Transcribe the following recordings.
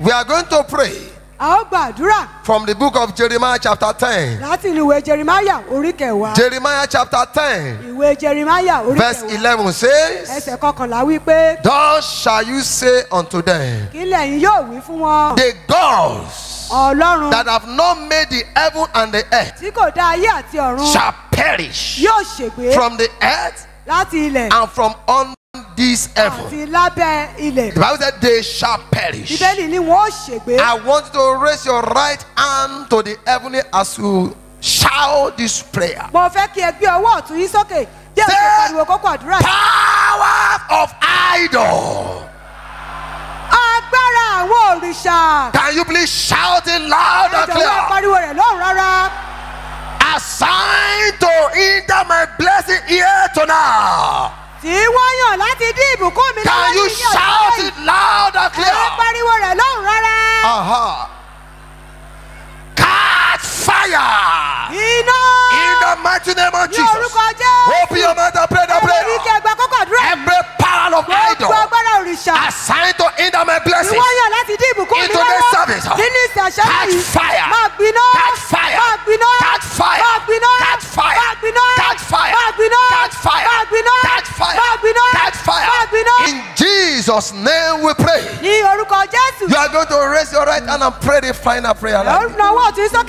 We are going to pray. A ó gbàdúrà. From the book of Jeremiah chapter ten. Láti ìwé Jeremiah orí kẹwàá. Jeremiah chapter ten. Ìwé Jeremiah orí kẹwàá. Verse eleven says. Ẹsẹ̀ kọkànlá wí pé. Thus shall you say unto them. Kí lẹ̀yin yóò wí fún wọn. The gods. Ọlọ́run. That have not made the heaven and the earth. Tí kò dá ayé àti ọ̀run. Shall perish. Yóò ṣègbé. From the earth. Láti ilẹ̀. And from under this heaven. àti lábẹ́ ilẹ̀. the bible said they shall perish. bíbélì ni wọn ó ṣègbé. I want you to raise your right hand to the heavenly as you shout this prayer. mo fẹ́ kí ẹ gbé ọwọ́ ọ̀tún yín sókè díẹ̀ kí ẹ pariwo kókó àdúrà. power of idol. agbára àwọn òrìṣà. can you please shout it loud and clear. ẹ̀jọ̀ wọ́n pariwo rẹ̀ lọ́rùn rárá. assigned to hinder my blessing here tonight tí wọ́n yàn láti dín ìbùkún mi lọ́wọ́ ní ìyá ọ̀sẹ̀ yìí. Can you shout it loud and clear? ẹ̀rọ pariwo rẹ̀ lọ́hùn rárá. Catch fire. iná. in the mighty name of Jesus. ní orúkọ Jésù. open your mouth and pray that prayer. ẹ̀rọ ìkẹgbẹ́ kọ́kọ́ dúró. every power of idol assigned to hinder my blessing into this service. Catch fire. Catch fire. Catch fire. Catch fire. Catch fire. Catch fire. Catch fire. Catch fire. In Jesus' name we pray. You are going to raise your right hand and pray the final prayer. Say,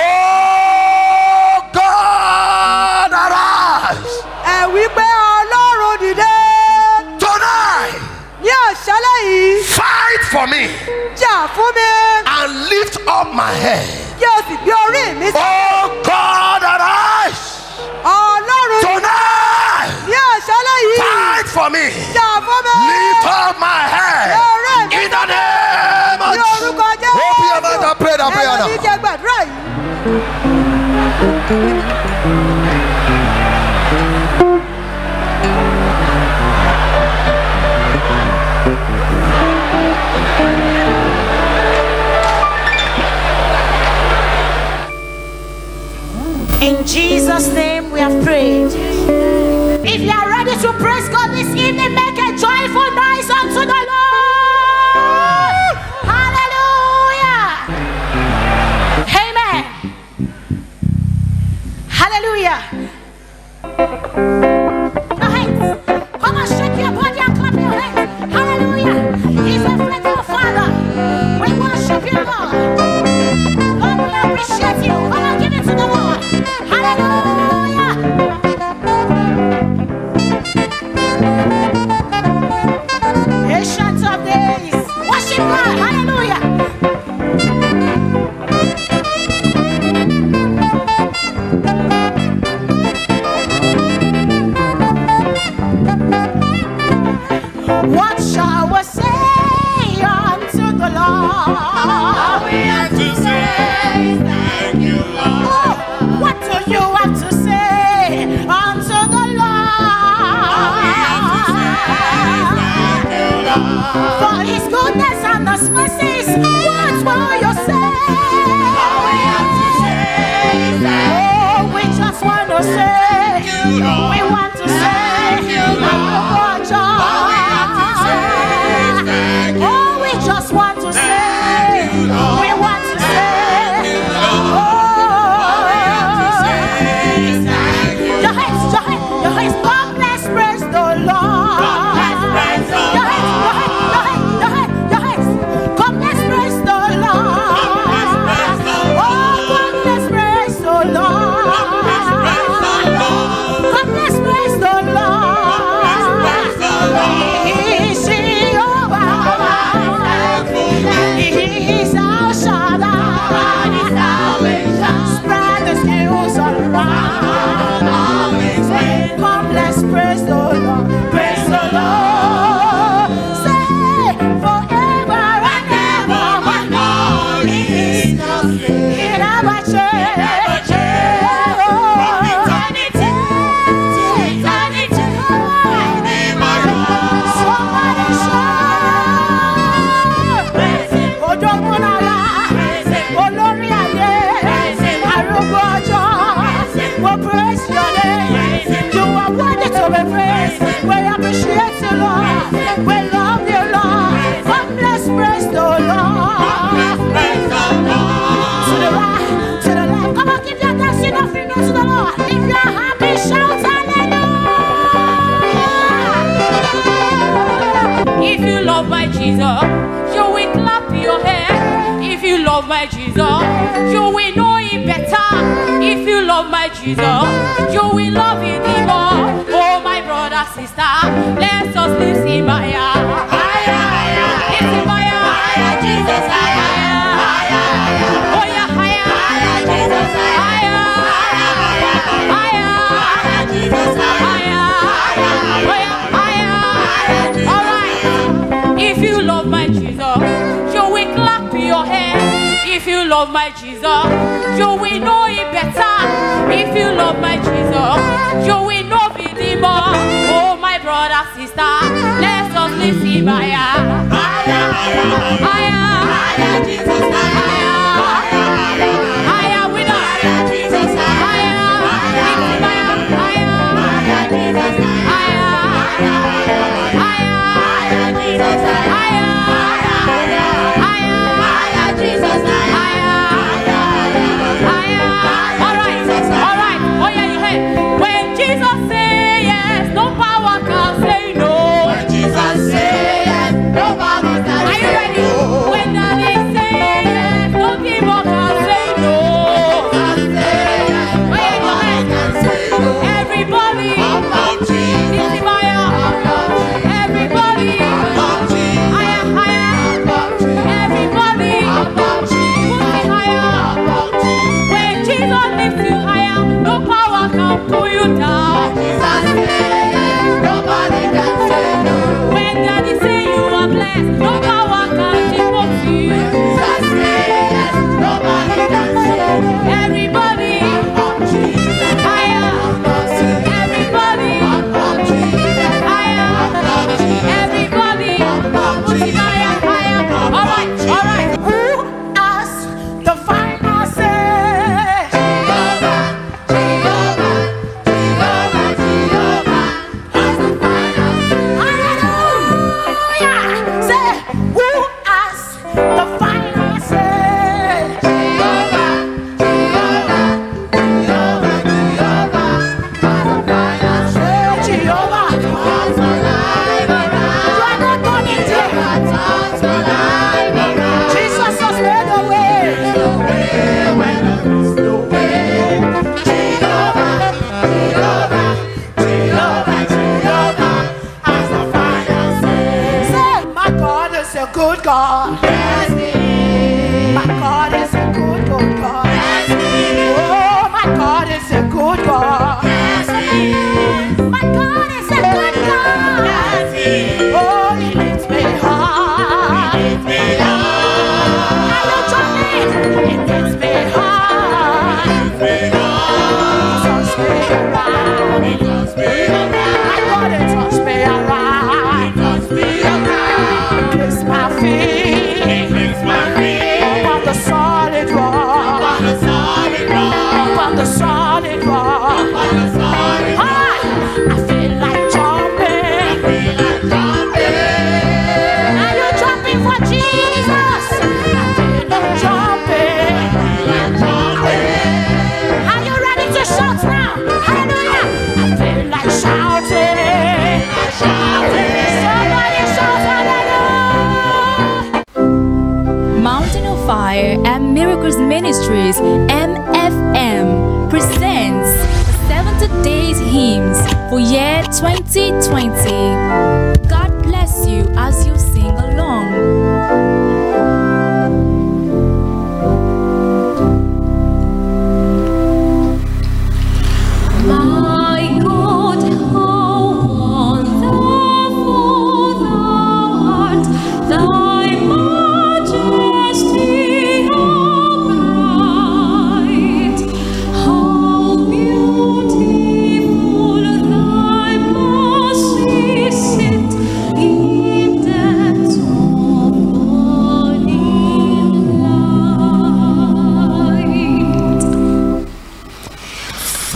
Oh God, arise. And we pray, dìde. tonight. ní àṣálẹ́ yìí. fight for me. jà fún mi. and lift up my head. kí o sì gbé orí mi sí. oh God arise. ọlọ́run. tonight. ní àṣálẹ́ yìí. fight for me. jà fún mi. lift up my head. orí mi. in the name of Jesus. ní orúkọ jẹ́ ẹ́ẹ́dù. open your mouth and pray that prayer now. ẹ̀rọ mi jẹ gbàdúrà yìí. In Jesus' name we have prayed. If you are ready to praise God this evening, make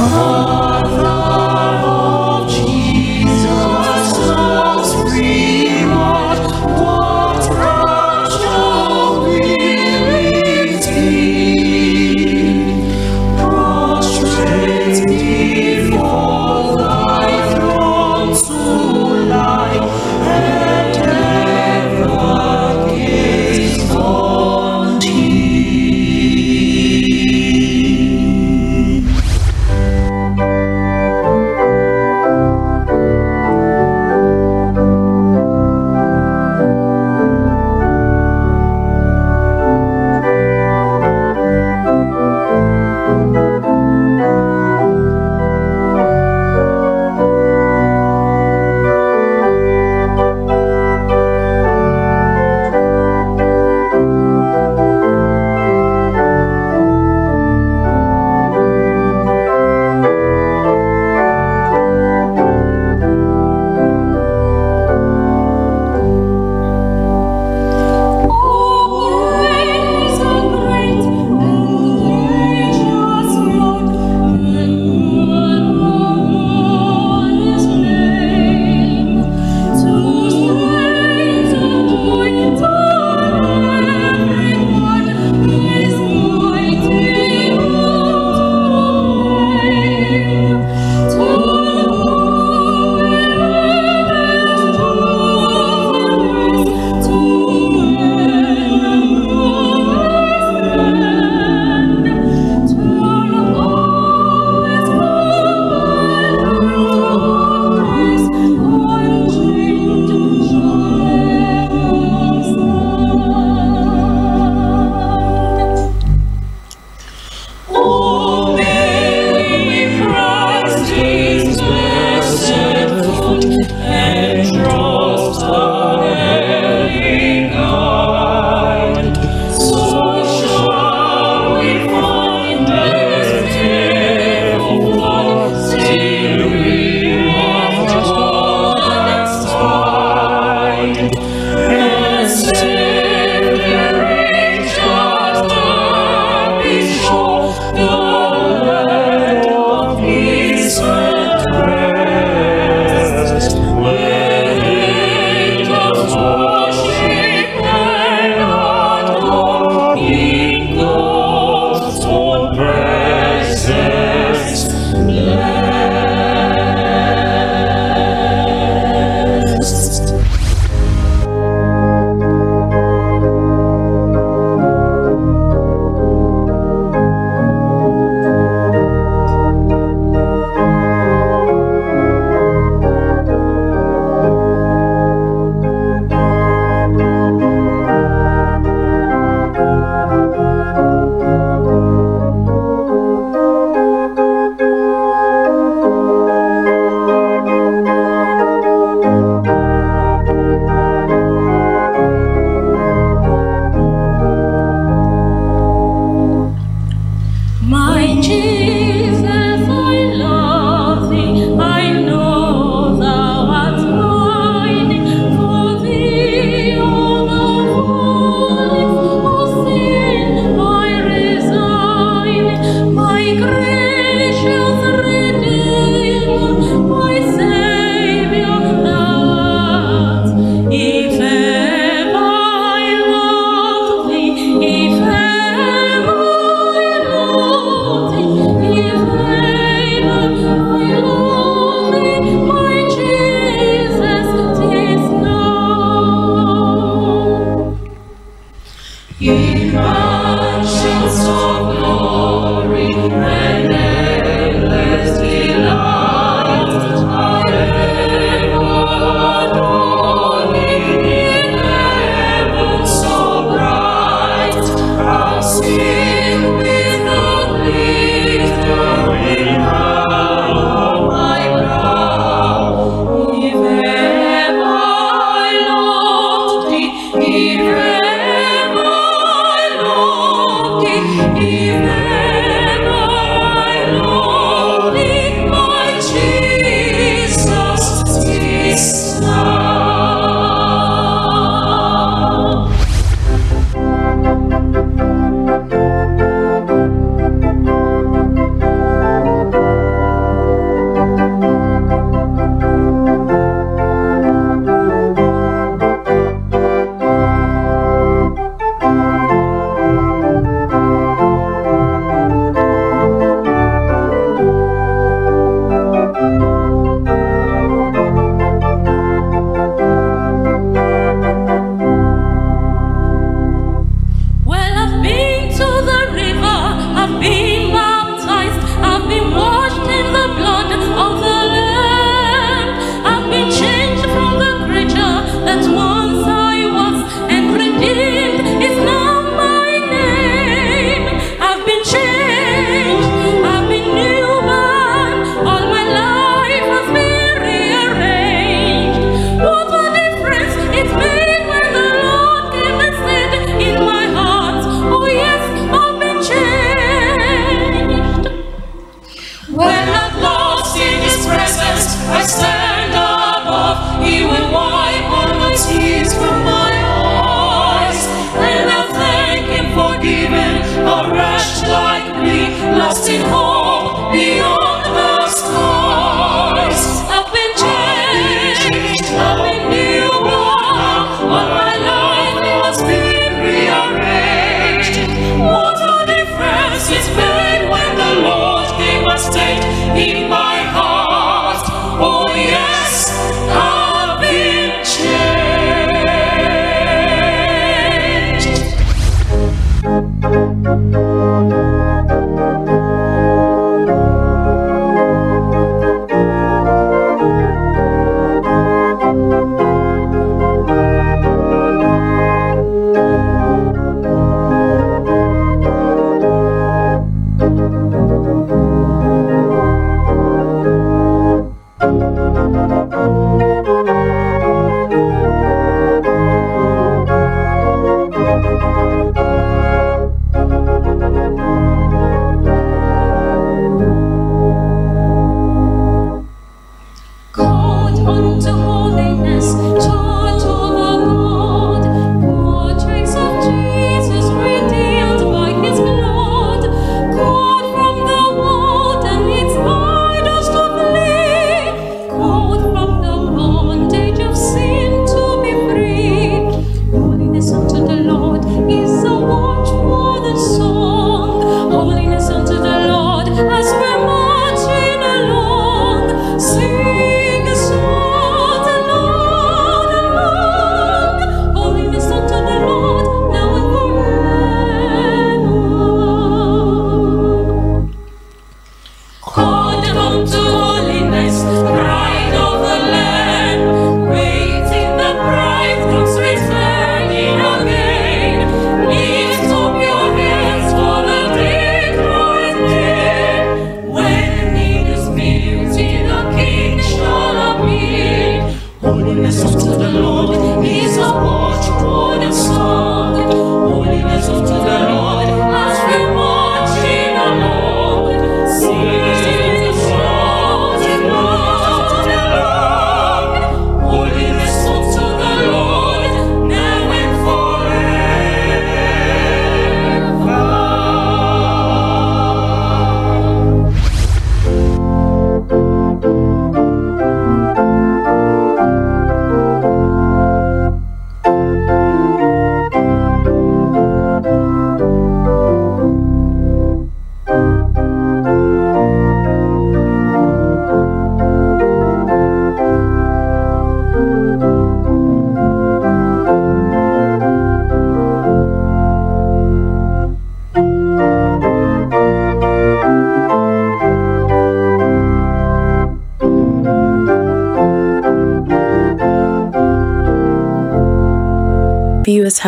Oh.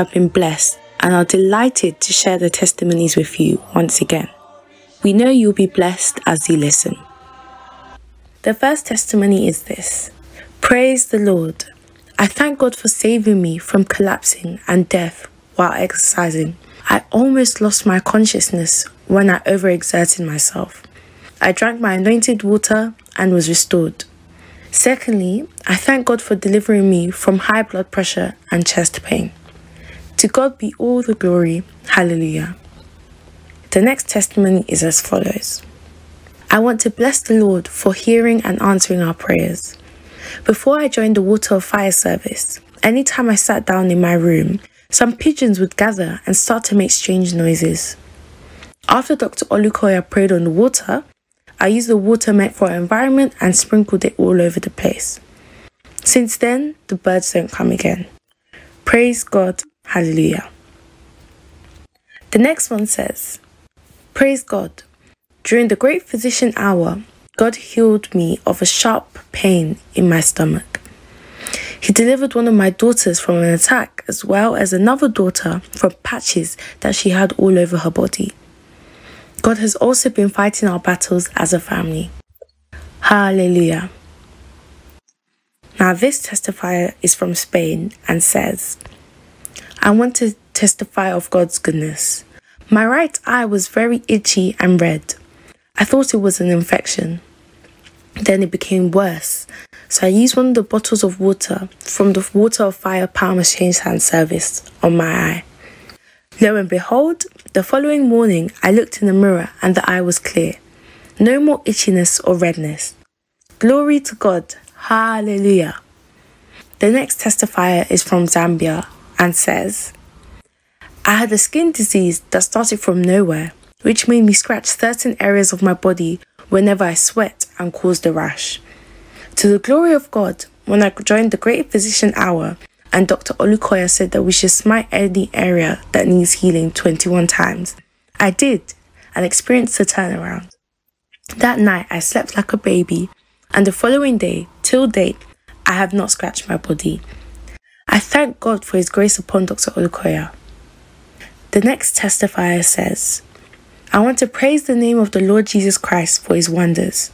have been blessed and are delighted to share the testimonies with you once again. We know you'll be blessed as you listen. The first testimony is this Praise the Lord. I thank God for saving me from collapsing and death while exercising. I almost lost my consciousness when I overexerted myself. I drank my anointed water and was restored. Secondly, I thank God for delivering me from high blood pressure and chest to God be all the glory. Hallelujah. The next testimony is as follows I want to bless the Lord for hearing and answering our prayers. Before I joined the Water of Fire service, anytime I sat down in my room, some pigeons would gather and start to make strange noises. After Dr. Olukoya prayed on the water, I used the water meant for our environment and sprinkled it all over the place. Since then, the birds don't come again. Praise God Hallelujah. The next one says, Praise God. During the great physician hour, God healed me of a sharp pain in my stomach. He delivered one of my daughters from an attack, as well as another daughter from patches that she had all over her body. God has also been fighting our battles as a family. Hallelujah. Now, this testifier is from Spain and says, I want to testify of God's goodness. My right eye was very itchy and red. I thought it was an infection. Then it became worse. So I used one of the bottles of water from the Water of Fire Palm Exchange Hand Service on my eye. Lo and behold, the following morning I looked in the mirror and the eye was clear. No more itchiness or redness. Glory to God. Hallelujah. The next testifier is from Zambia, and says, I had a skin disease that started from nowhere, which made me scratch certain areas of my body whenever I sweat and caused a rash. To the glory of God, when I joined the Great Physician Hour, and Dr. Olukoya said that we should smite any area that needs healing 21 times. I did and experienced a turnaround. That night, I slept like a baby, and the following day, till date, I have not scratched my body. I thank God for His grace upon Dr. Odukoya. The next testifier says, I want to praise the name of the Lord Jesus Christ for His wonders.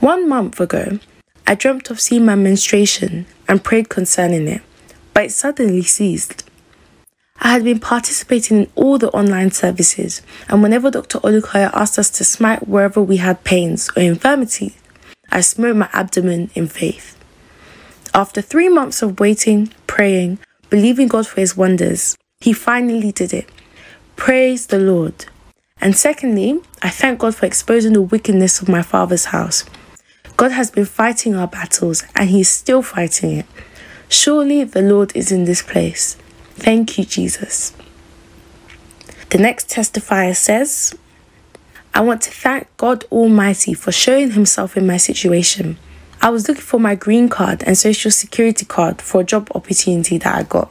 One month ago, I dreamt of seeing my menstruation and prayed concerning it, but it suddenly ceased. I had been participating in all the online services, and whenever Dr. Olukoya asked us to smite wherever we had pains or infirmity, I smote my abdomen in faith. After three months of waiting, praying, believing God for his wonders, he finally did it. Praise the Lord. And secondly, I thank God for exposing the wickedness of my father's house. God has been fighting our battles and he is still fighting it. Surely the Lord is in this place. Thank you, Jesus. The next testifier says, I want to thank God Almighty for showing himself in my situation. I was looking for my green card and social security card for a job opportunity that I got.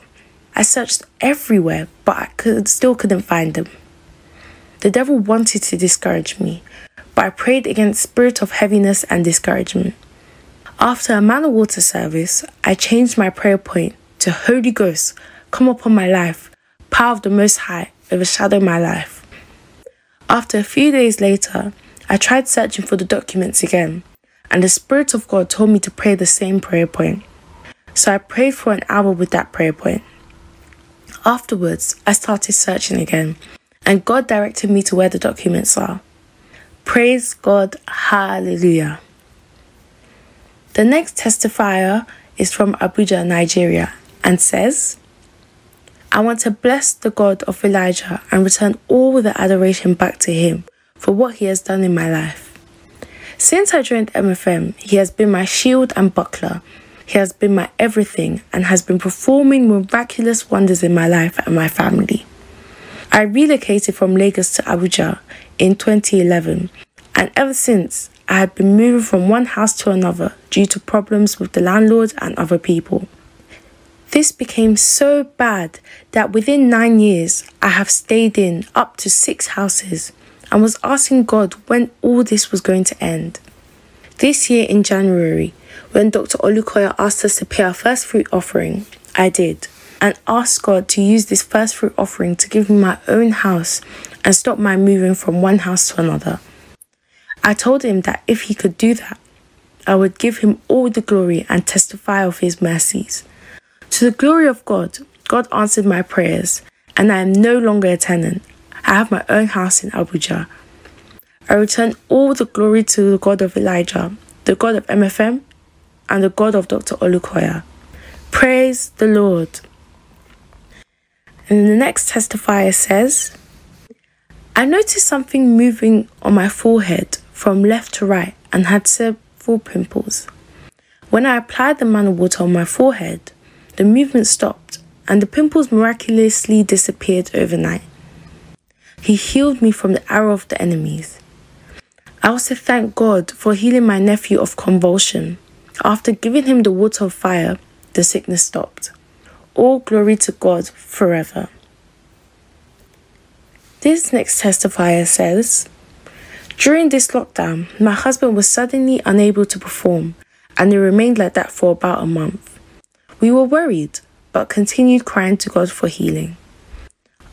I searched everywhere, but I could, still couldn't find them. The devil wanted to discourage me, but I prayed against spirit of heaviness and discouragement. After a man of water service, I changed my prayer point to Holy Ghost, come upon my life, power of the Most High, overshadow my life. After a few days later, I tried searching for the documents again, and the Spirit of God told me to pray the same prayer point. So I prayed for an hour with that prayer point. Afterwards, I started searching again, and God directed me to where the documents are. Praise God, hallelujah. The next testifier is from Abuja, Nigeria, and says, I want to bless the God of Elijah and return all the adoration back to him for what he has done in my life. Since I joined MFM, he has been my shield and buckler. He has been my everything and has been performing miraculous wonders in my life and my family. I relocated from Lagos to Abuja in 2011, and ever since, I had been moving from one house to another due to problems with the landlord and other people. This became so bad that within nine years, I have stayed in up to six houses and was asking God when all this was going to end. This year in January, when Dr. Olukoya asked us to pay our first fruit offering, I did and asked God to use this first fruit offering to give me my own house and stop my moving from one house to another. I told him that if he could do that, I would give him all the glory and testify of his mercies. To the glory of God, God answered my prayers, and I am no longer a tenant. I have my own house in Abuja. I return all the glory to the God of Elijah, the God of MFM, and the God of Dr. Olukoya. Praise the Lord. And the next testifier says, I noticed something moving on my forehead from left to right and had several pimples. When I applied the man water on my forehead, the movement stopped and the pimples miraculously disappeared overnight. He healed me from the arrow of the enemies. I also thank God for healing my nephew of convulsion. After giving him the water of fire, the sickness stopped. All glory to God forever. This next testifier says During this lockdown, my husband was suddenly unable to perform, and he remained like that for about a month. We were worried, but continued crying to God for healing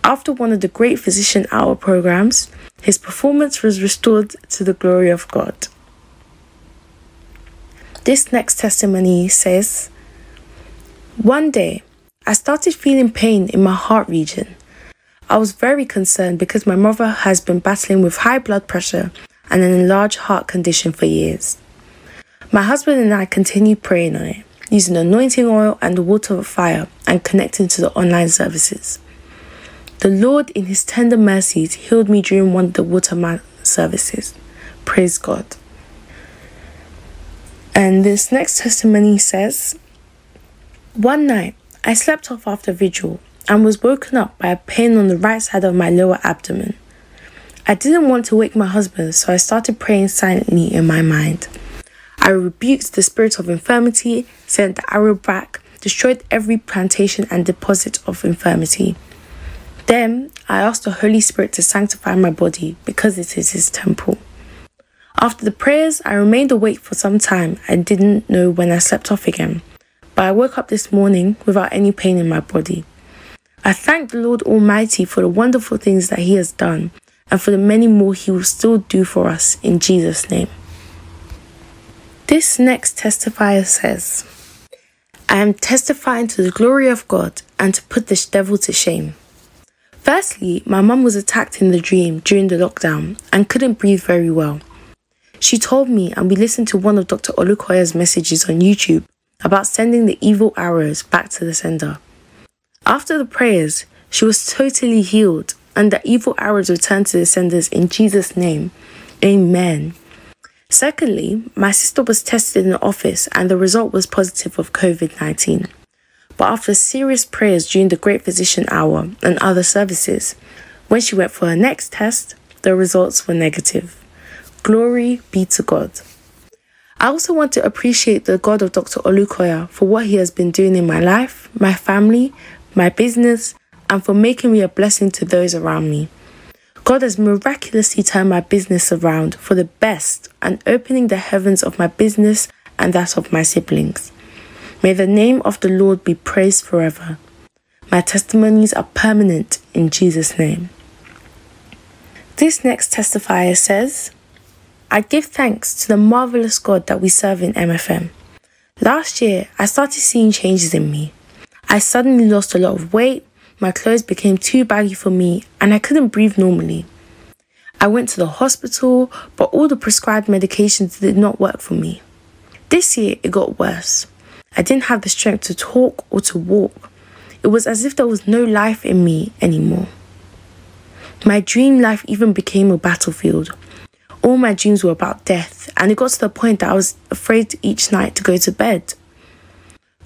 after one of the great physician hour programs, his performance was restored to the glory of God. This next testimony says One day, I started feeling pain in my heart region. I was very concerned because my mother has been battling with high blood pressure and an enlarged heart condition for years. My husband and I continued praying on it, using anointing oil and the water of fire and connecting to the online services. The Lord, in His tender mercies, healed me during one of the waterman services. Praise God. And this next testimony says One night, I slept off after vigil and was woken up by a pain on the right side of my lower abdomen. I didn't want to wake my husband, so I started praying silently in my mind. I rebuked the spirit of infirmity, sent the arrow back, destroyed every plantation and deposit of infirmity. Then I asked the Holy Spirit to sanctify my body because it is His temple. After the prayers, I remained awake for some time I didn't know when I slept off again. But I woke up this morning without any pain in my body. I thank the Lord Almighty for the wonderful things that He has done and for the many more He will still do for us in Jesus' name. This next testifier says, I am testifying to the glory of God and to put this devil to shame. Firstly, my mum was attacked in the dream during the lockdown and couldn't breathe very well. She told me, and we listened to one of Dr. Olukoya's messages on YouTube about sending the evil arrows back to the sender. After the prayers, she was totally healed, and the evil arrows returned to the senders in Jesus' name. Amen. Secondly, my sister was tested in the office, and the result was positive of COVID 19 but after serious prayers during the Great Physician Hour and other services. When she went for her next test, the results were negative. Glory be to God. I also want to appreciate the God of Dr. Olukoya for what he has been doing in my life, my family, my business, and for making me a blessing to those around me. God has miraculously turned my business around for the best and opening the heavens of my business and that of my siblings. May the name of the Lord be praised forever. My testimonies are permanent in Jesus' name. This next testifier says, I give thanks to the marvelous God that we serve in MFM. Last year, I started seeing changes in me. I suddenly lost a lot of weight, my clothes became too baggy for me, and I couldn't breathe normally. I went to the hospital, but all the prescribed medications did not work for me. This year, it got worse. I didn't have the strength to talk or to walk. It was as if there was no life in me anymore. My dream life even became a battlefield. All my dreams were about death, and it got to the point that I was afraid each night to go to bed.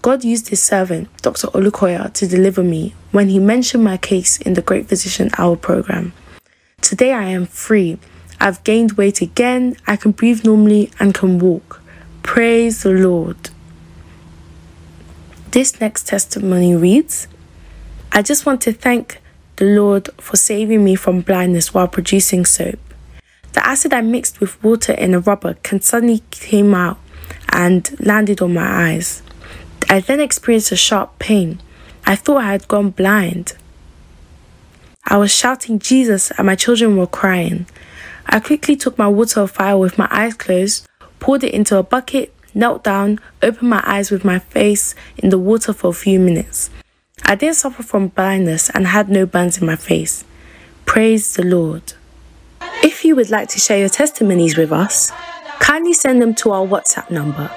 God used his servant, Dr. Olukoya, to deliver me when he mentioned my case in the Great Physician Hour program. Today I am free. I've gained weight again, I can breathe normally, and can walk. Praise the Lord. This next testimony reads I just want to thank the Lord for saving me from blindness while producing soap. The acid I mixed with water in a rubber can suddenly came out and landed on my eyes. I then experienced a sharp pain. I thought I had gone blind. I was shouting Jesus and my children were crying. I quickly took my water of fire with my eyes closed, poured it into a bucket, knelt down, opened my eyes with my face in the water for a few minutes. I didn't suffer from blindness and had no burns in my face. Praise the Lord. If you would like to share your testimonies with us, kindly send them to our WhatsApp number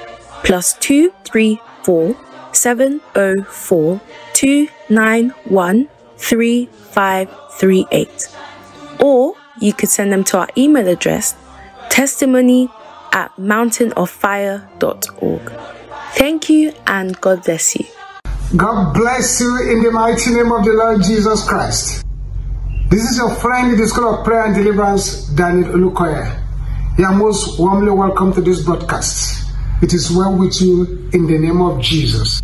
plus 234 704 291 3538. Or you could send them to our email address testimony at mountainoffire.org. Thank you and God bless you. God bless you in the mighty name of the Lord Jesus Christ. This is your friend in the School of Prayer and Deliverance, Daniel Ulukoya. You are most warmly welcome to this broadcast. It is well with you in the name of Jesus.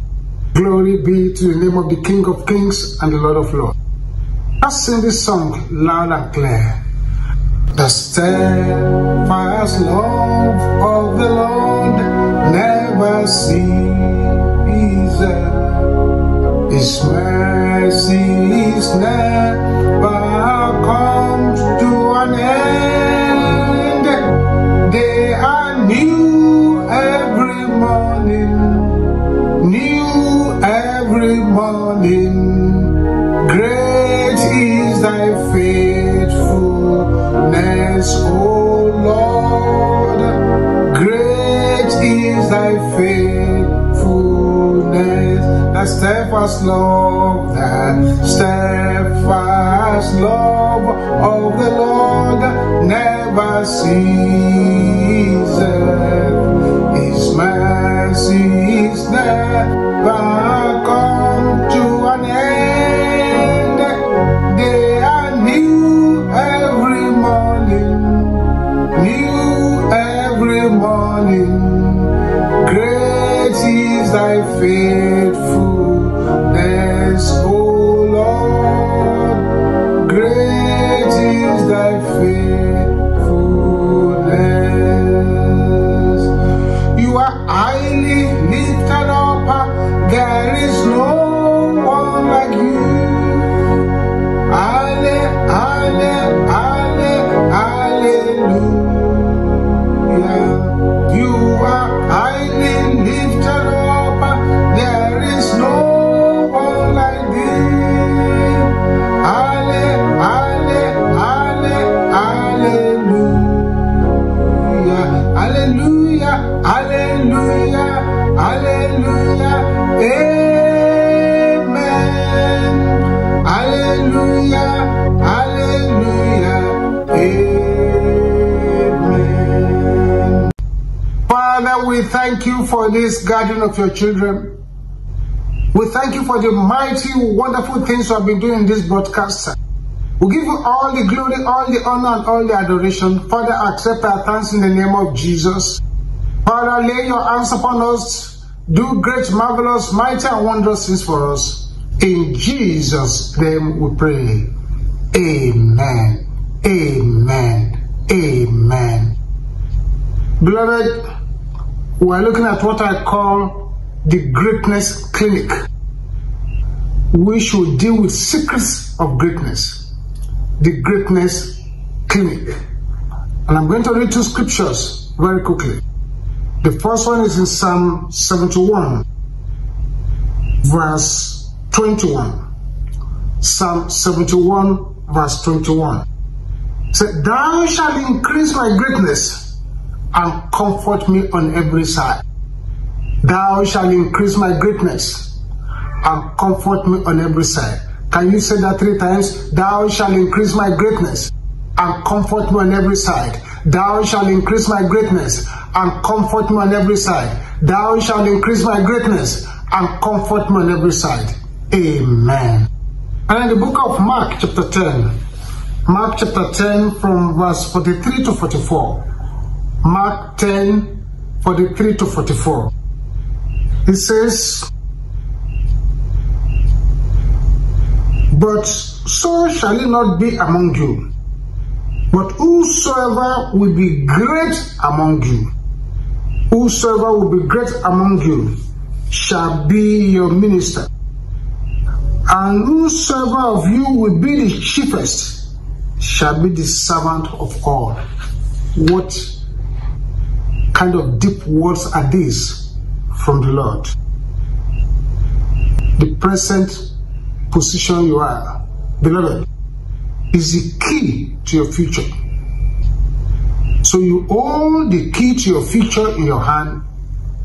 Glory be to the name of the King of Kings and the Lord of Lords. Let's sing this song loud and clear. The steadfast love of the Lord never ceases. His mercy is never comes to an end. They are new every morning, new every morning. Great is thy faithfulness eyes, O Lord. Great is thy faithfulness, thy steadfast love, thy steadfast love of the Lord never ceases. His mercy is there fear. of your children. We thank you for the mighty, wonderful things you have been doing in this broadcast. We give you all the glory, all the honor, and all the adoration. Father, accept our thanks in the name of Jesus. Father, lay your hands upon us. Do great, marvelous, mighty, and wondrous things for us. In Jesus' name we pray. Amen. Amen. Amen. Beloved, we're looking at what I call the greatness clinic. We should deal with secrets of greatness, the greatness clinic. And I'm going to read two scriptures very quickly. The first one is in Psalm 71, verse 21. Psalm 71, verse 21. said, Thou shalt increase my greatness and comfort me on every side. Thou shalt increase my greatness and comfort me on every side. Can you say that three times? Thou shalt increase my greatness and comfort me on every side. Thou shalt increase my greatness and comfort me on every side. Thou shalt increase my greatness and comfort me on every side. Amen. And in the book of Mark, chapter 10, Mark chapter 10, from verse 43 to 44. Mark 10, 43 to 44. It says, But so shall it not be among you. But whosoever will be great among you, whosoever will be great among you, shall be your minister. And whosoever of you will be the chiefest, shall be the servant of all. What kind of deep words are these from the Lord? The present position you are, beloved, is the key to your future. So you hold the key to your future in your hand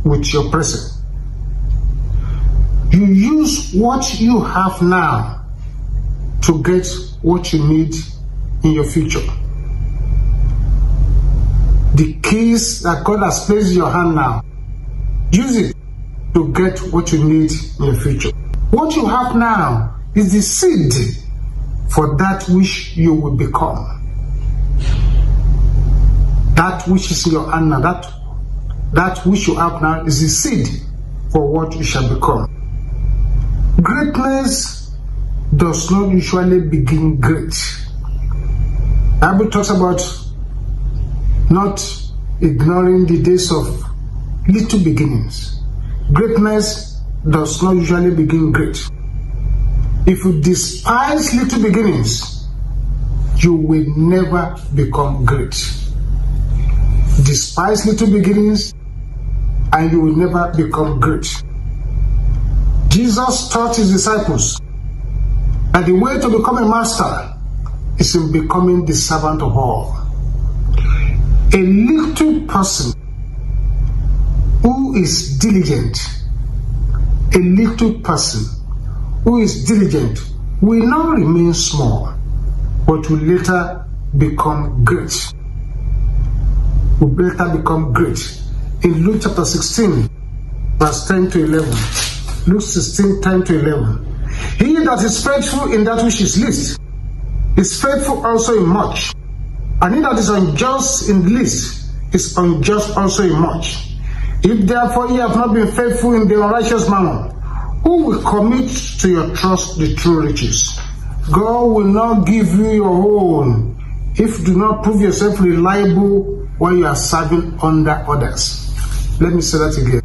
with your present. You use what you have now to get what you need in your future the keys that God has placed in your hand now. Use it to get what you need in the future. What you have now is the seed for that which you will become. That which is in your hand now, that, that which you have now is the seed for what you shall become. Greatness does not usually begin great. Bible talks about not ignoring the days of little beginnings. Greatness does not usually begin great. If you despise little beginnings, you will never become great. Despise little beginnings, and you will never become great. Jesus taught his disciples that the way to become a master is in becoming the servant of all. A little person who is diligent, a little person who is diligent will now remain small, but will later become great. Will later become great. In Luke chapter 16, verse 10 to 11, Luke 16, 10 to 11. He that is faithful in that which is least is faithful also in much. And he that is unjust in least is unjust also in much. If therefore ye have not been faithful in the unrighteous manner, who will commit to your trust the true riches? God will not give you your own if you do not prove yourself reliable while you are serving under others. Let me say that again.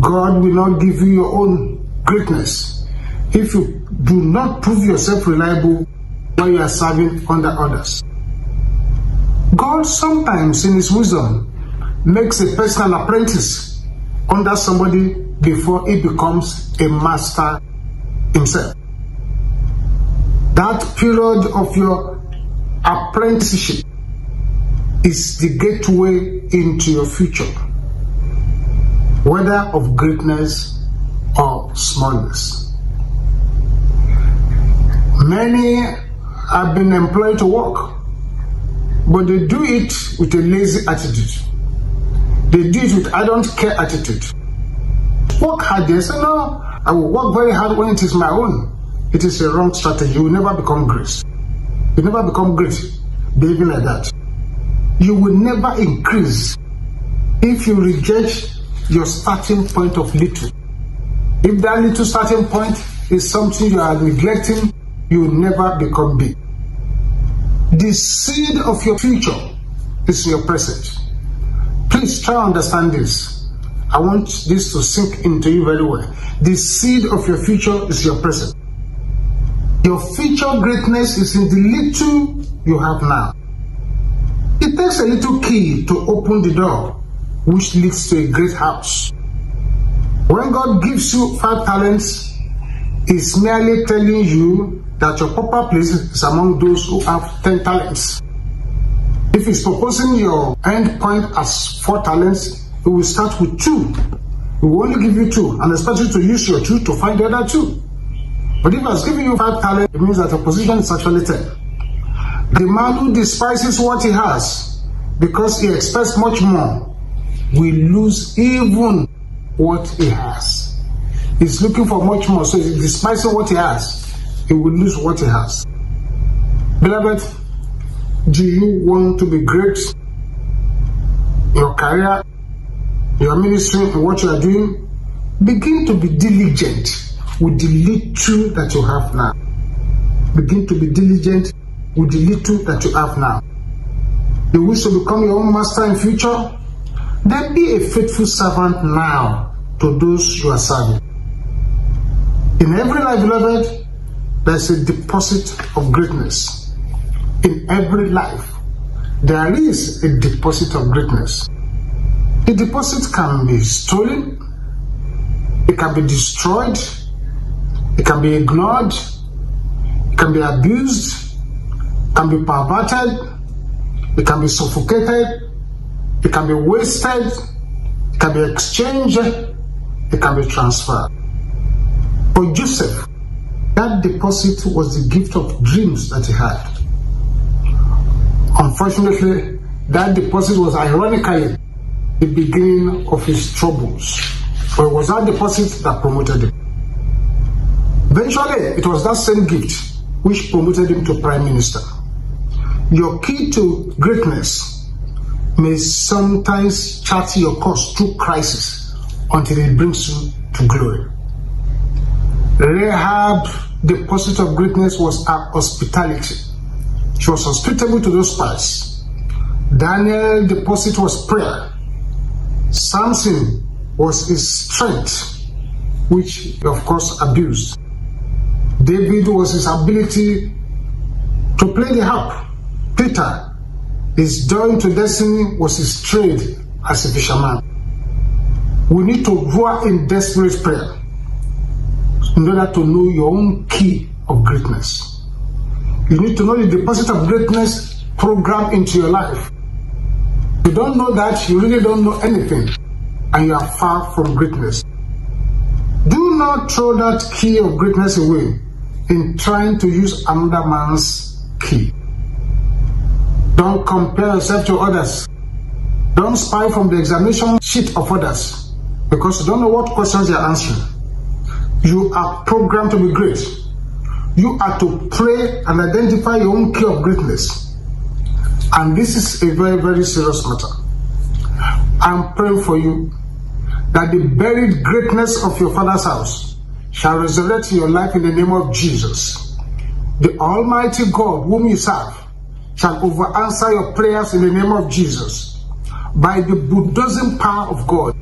God will not give you your own greatness if you do not prove yourself reliable while you are serving under others. God sometimes in his wisdom makes a personal apprentice under somebody before he becomes a master himself. That period of your apprenticeship is the gateway into your future, whether of greatness or smallness. Many have been employed to work but they do it with a lazy attitude. They do it with I don't care attitude. Work hard, they say, no, I will work very hard when it is my own. It is a wrong strategy. You will never become great. You never become great behaving like that. You will never increase if you reject your starting point of little. If that little starting point is something you are neglecting, you will never become big. The seed of your future is your present. Please try to understand this. I want this to sink into you very well. The seed of your future is your present. Your future greatness is in the little you have now. It takes a little key to open the door, which leads to a great house. When God gives you five talents, He's merely telling you that your proper place is among those who have 10 talents. If he's proposing your end point as 4 talents, he will start with 2. He will only give you 2 and expect you to use your 2 to find the other 2. But if he has given you 5 talents, it means that your position is actually 10. The man who despises what he has because he expects much more will lose even what he has. He's looking for much more, so he despises what he has he will lose what he has. Beloved, do you want to be great? Your career, your ministry, and what you are doing? Begin to be diligent with the little that you have now. Begin to be diligent with the little that you have now. You wish to become your own master in future? Then be a faithful servant now to those you are serving. In every life, beloved, there's a deposit of greatness. In every life, there is a deposit of greatness. The deposit can be stolen, it can be destroyed, it can be ignored, it can be abused, it can be perverted, it can be suffocated, it can be wasted, it can be exchanged, it can be transferred. For Joseph, that deposit was the gift of dreams that he had. Unfortunately, that deposit was ironically the beginning of his troubles. For it was that deposit that promoted him. Eventually, it was that same gift which promoted him to prime minister. Your key to greatness may sometimes chart your course through crisis until it brings you to glory. Rahab, the pursuit of greatness was her hospitality. She was hospitable to those spies. Daniel, the pursuit was prayer. Samson was his strength, which he of course abused. David was his ability to play the harp. Peter, his doing to destiny was his trade as a fisherman. We need to grow in desperate prayer in order to know your own key of greatness. You need to know the deposit of greatness programmed into your life. you don't know that, you really don't know anything, and you are far from greatness. Do not throw that key of greatness away in trying to use another man's key. Don't compare yourself to others. Don't spy from the examination sheet of others because you don't know what questions they are answering. You are programmed to be great. You are to pray and identify your own key of greatness. And this is a very, very serious matter. I'm praying for you that the buried greatness of your father's house shall resurrect your life in the name of Jesus. The Almighty God whom you serve shall over answer your prayers in the name of Jesus by the bulldozing power of God.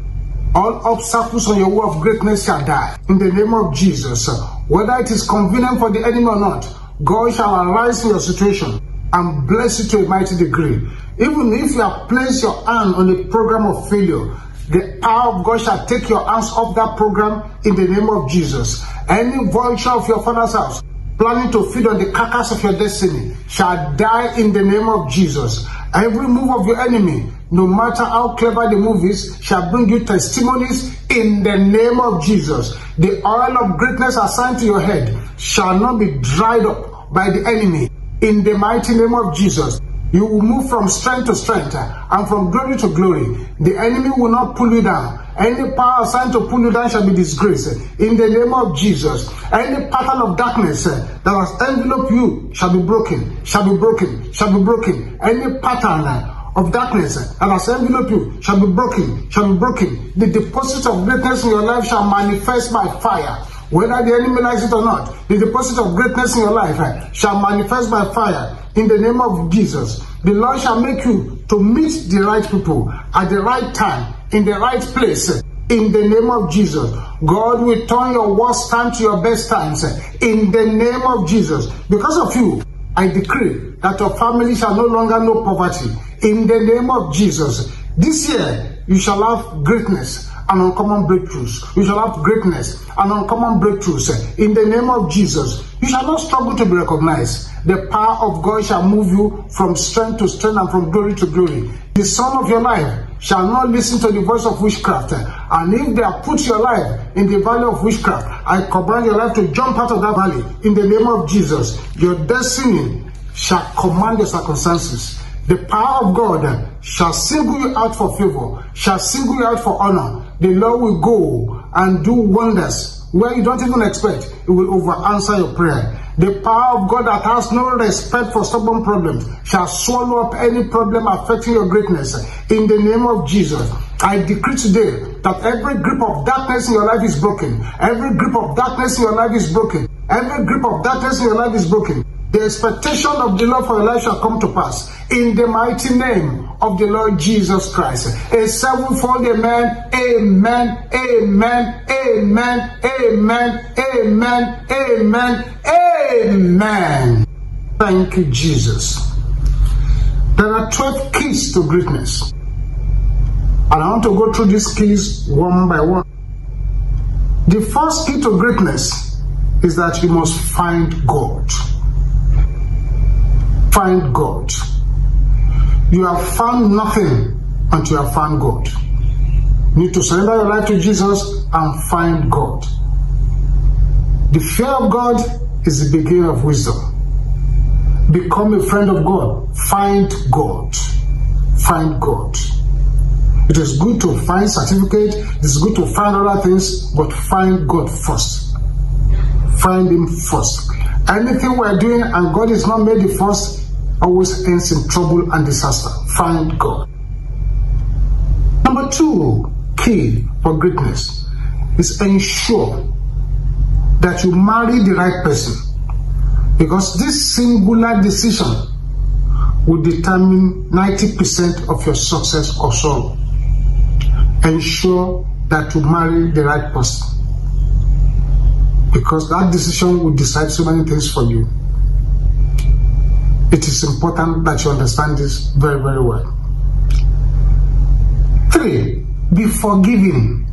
All obstacles on your way of greatness shall die. In the name of Jesus, whether it is convenient for the enemy or not, God shall arise in your situation and bless you to a mighty degree. Even if you have placed your hand on a program of failure, the power of God shall take your hands off that program in the name of Jesus. Any vulture of your father's house planning to feed on the carcass of your destiny shall die in the name of Jesus. Every move of your enemy no matter how clever the movies, shall bring you testimonies in the name of Jesus. The oil of greatness assigned to your head shall not be dried up by the enemy. In the mighty name of Jesus, you will move from strength to strength and from glory to glory. The enemy will not pull you down. Any power assigned to pull you down shall be disgraced. In the name of Jesus, any pattern of darkness that has enveloped you shall be broken, shall be broken, shall be broken. Any pattern of darkness and has enveloped you shall be broken, shall be broken. The deposit of greatness in your life shall manifest by fire. Whether the enemy likes it or not, the deposit of greatness in your life eh, shall manifest by fire in the name of Jesus. The Lord shall make you to meet the right people at the right time, in the right place, eh, in the name of Jesus. God will turn your worst time to your best times, eh, in the name of Jesus. Because of you, I decree that your family shall no longer know poverty. In the name of Jesus, this year you shall have greatness and uncommon breakthroughs. You shall have greatness and uncommon breakthroughs. In the name of Jesus, you shall not struggle to be recognized. The power of God shall move you from strength to strength and from glory to glory. The son of your life shall not listen to the voice of witchcraft and if they have put your life in the valley of witchcraft, I command your life to jump out of that valley in the name of Jesus. Your destiny shall command the circumstances. The power of God shall single you out for favor, shall single you out for honor. The Lord will go and do wonders where you don't even expect. It will over answer your prayer. The power of God that has no respect for stubborn problems shall swallow up any problem affecting your greatness. In the name of Jesus. I decree today that every grip of darkness in your life is broken. Every grip of darkness in your life is broken. Every grip of darkness in your life is broken. The expectation of the Lord for your life shall come to pass in the mighty name of the Lord Jesus Christ. A sevenfold amen, amen, amen, amen, amen, amen, amen, amen. Thank you, Jesus. There are 12 keys to greatness. And I want to go through these keys one by one. The first key to greatness is that you must find God. Find God. You have found nothing until you have found God. You need to surrender your life to Jesus and find God. The fear of God is the beginning of wisdom. Become a friend of God. Find God. Find God. It is good to find certificate, it is good to find other things, but find God first. Find Him first. Anything we're doing and God is not made the first always ends in trouble and disaster. Find God. Number two key for greatness is ensure that you marry the right person because this singular decision will determine 90% of your success or sorrow ensure that you marry the right person. Because that decision will decide so many things for you. It is important that you understand this very, very well. Three, be forgiving.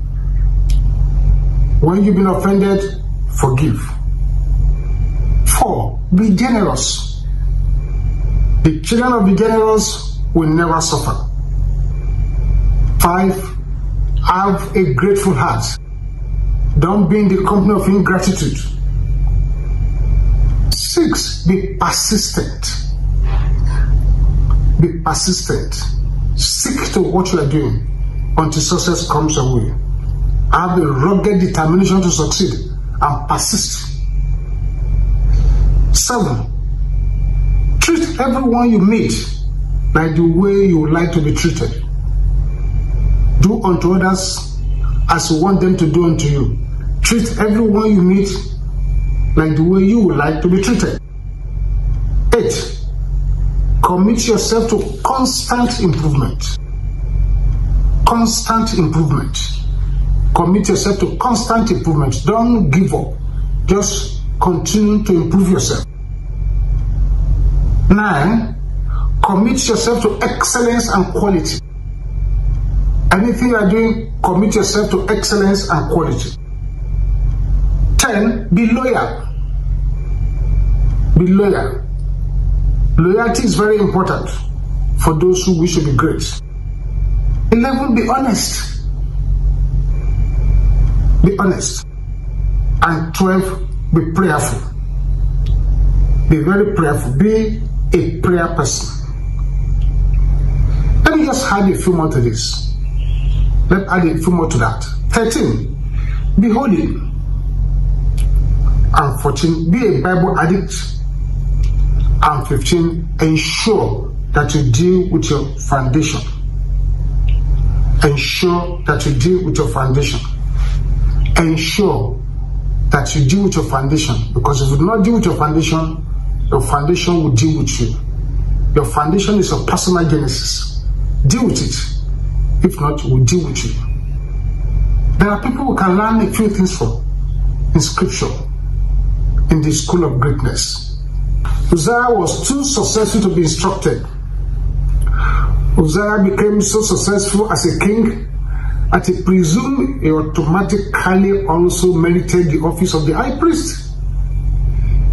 When you've been offended, forgive. Four, be generous. The children of the generous will never suffer. Five, Have a grateful heart. Don't be in the company of ingratitude. Six, be persistent. Be persistent. Stick to what you are doing until success comes your way. Have a rugged determination to succeed and persist. Seven, treat everyone you meet like the way you would like to be treated. Do unto others as you want them to do unto you. Treat everyone you meet like the way you would like to be treated. 8. Commit yourself to constant improvement. Constant improvement. Commit yourself to constant improvement. Don't give up. Just continue to improve yourself. 9. Commit yourself to excellence and quality. Anything you are doing, commit yourself to excellence and quality. 10. Be loyal. Be loyal. Loyalty is very important for those who wish to be great. 11. Be honest. Be honest. And 12. Be prayerful. Be very prayerful. Be a prayer person. Let me just add a few more to this. Let's add a few more to that. 13. Be holy. And 14. Be a Bible addict. And 15. Ensure that you deal with your foundation. Ensure that you deal with your foundation. Ensure that you deal with your foundation. Because if you do not deal with your foundation, your foundation will deal with you. Your foundation is your personal genesis. Deal with it. If not, we'll deal with you. There are people who can learn a few things from in scripture, in the school of greatness. Uzziah was too successful to be instructed. Uzziah became so successful as a king that he presumed he automatically also merited the office of the high priest.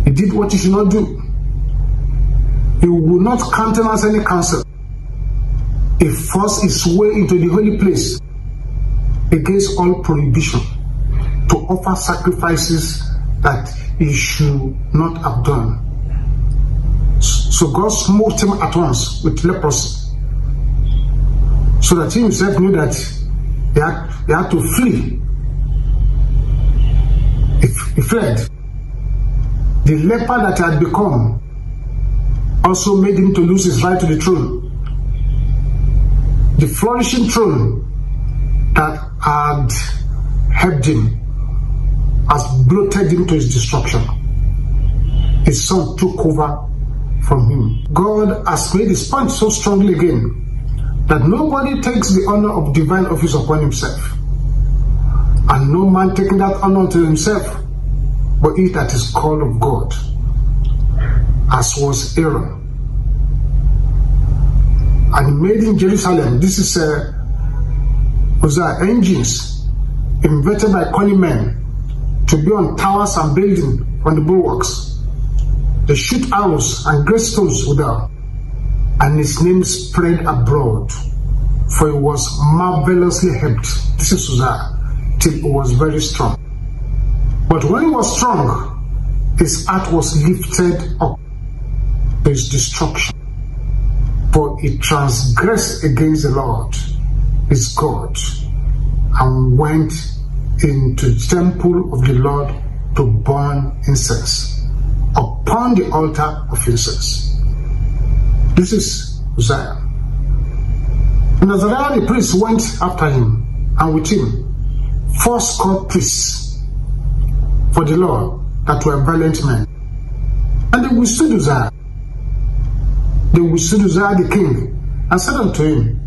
He did what he should not do. He would not countenance any counsel it forced its way into the holy place against all prohibition to offer sacrifices that he should not have done. So God smote him at once with leprosy so that he himself knew that he had, he had to flee. He, he fled. The leper that he had become also made him to lose his right to the throne the flourishing throne that had helped him has bloated him to his destruction. His son took over from him. God has made his point so strongly again that nobody takes the honor of divine office upon himself, and no man taking that honor to himself, but he that is called of God, as was Aaron and made in Jerusalem. This is uh, was uh, engines invented by men, to be on towers and buildings on the bulwarks. They shoot arrows and great stones with them, and his name spread abroad, for he was marvelously helped. This is Susa, till he was very strong. But when he was strong, his heart was lifted up to his destruction he transgressed against the Lord his God and went into the temple of the Lord to burn incense upon the altar of incense. This is Uzziah. And Azariah the priest went after him, and with him four score priests for the Lord that were valiant men. And they withstood Uzziah they will see Uzziah the king, and said unto him,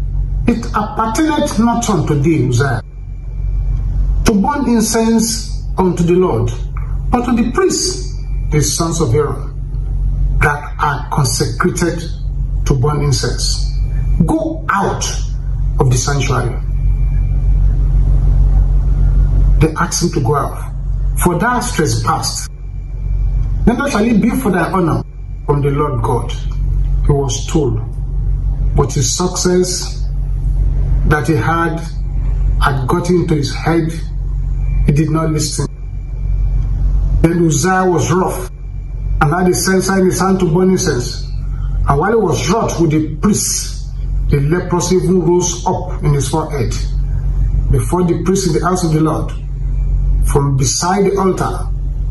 It appertaineth not unto thee, Uzziah, to burn incense unto the Lord, but unto the priests, the sons of Aaron, that are consecrated to burn incense. Go out of the sanctuary. They asked him to go out, for thou hast trespassed. Neither shall it be for thy honor from the Lord God. he was told. But his success that he had had got into his head, he did not listen. Then Uzziah was rough, and had a censer in his hand to burn incense. And while he was wrought with the priests, the leprosy even rose up in his forehead before the priest in the house of the Lord, from beside the altar,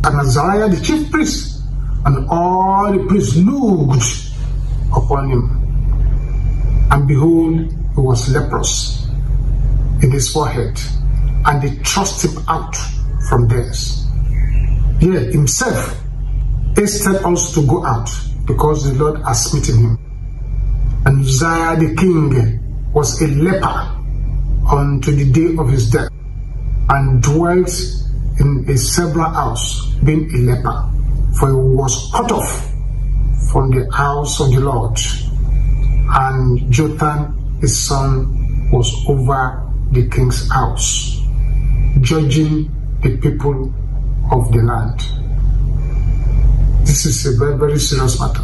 and Azariah the chief priest, and all the priests looked upon him. And behold, he was leprous in his forehead, and they thrust him out from thence. Yea, himself hasted also to go out, because the Lord had smitten him. And Uzziah the king was a leper unto the day of his death, and dwelt in a several house, being a leper, for he was cut off from the house of the Lord. And Jotham, his son, was over the king's house, judging the people of the land. This is a very, very serious matter.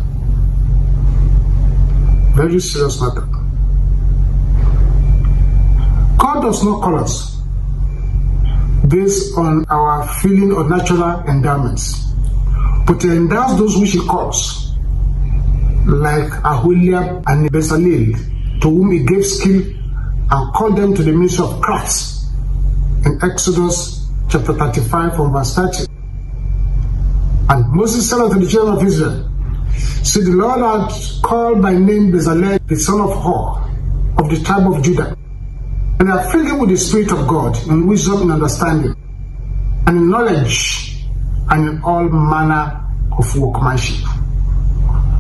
Very serious matter. God does not call us based on our feeling or natural endowments, but he endows those which he calls like Aholiab and Bezalel, to whom he gave skill and called them to the ministry of crafts in Exodus chapter 35 from verse 30. And Moses said unto the children of Israel, See, the Lord hath called by name Bezalel, the son of Hor, of the tribe of Judah, and I filled him with the Spirit of God, in wisdom and understanding, and in knowledge, and in all manner of workmanship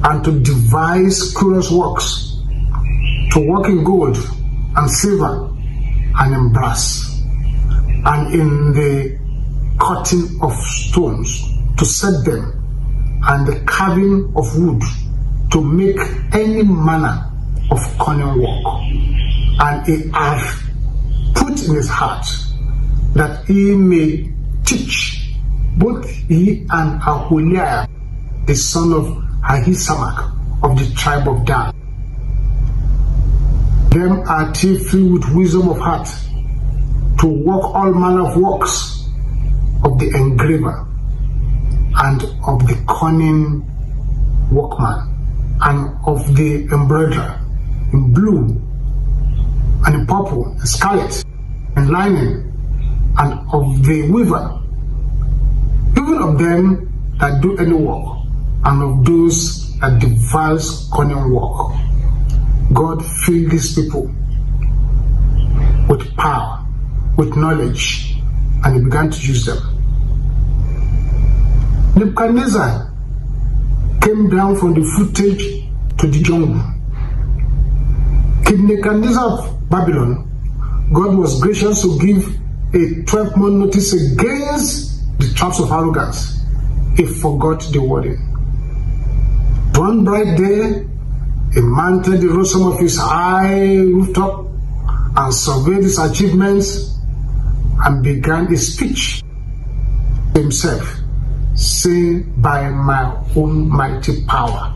and to devise curious works, to work in gold and silver and in brass, and in the cutting of stones, to set them, and the carving of wood, to make any manner of cunning work. And he hath put in his heart that he may teach both he and Aholiah, the son of Ahisamach of the tribe of Dan. Them are they filled with wisdom of heart to work all manner of works of the engraver and of the cunning workman and of the embroiderer in blue and in purple and scarlet and linen and of the weaver, even of them that do any work and of those that devise cunning work. God fill these people with power, with knowledge, and he began to use them. Nebuchadnezzar came down from the footage to the jungle. King Nebuchadnezzar of Babylon, God was gracious to give a 12 month notice against the traps of arrogance. He forgot the warning. One bright day, a man rose the rosum of his high rooftop and surveyed his achievements and began his speech himself, saying, By my own mighty power,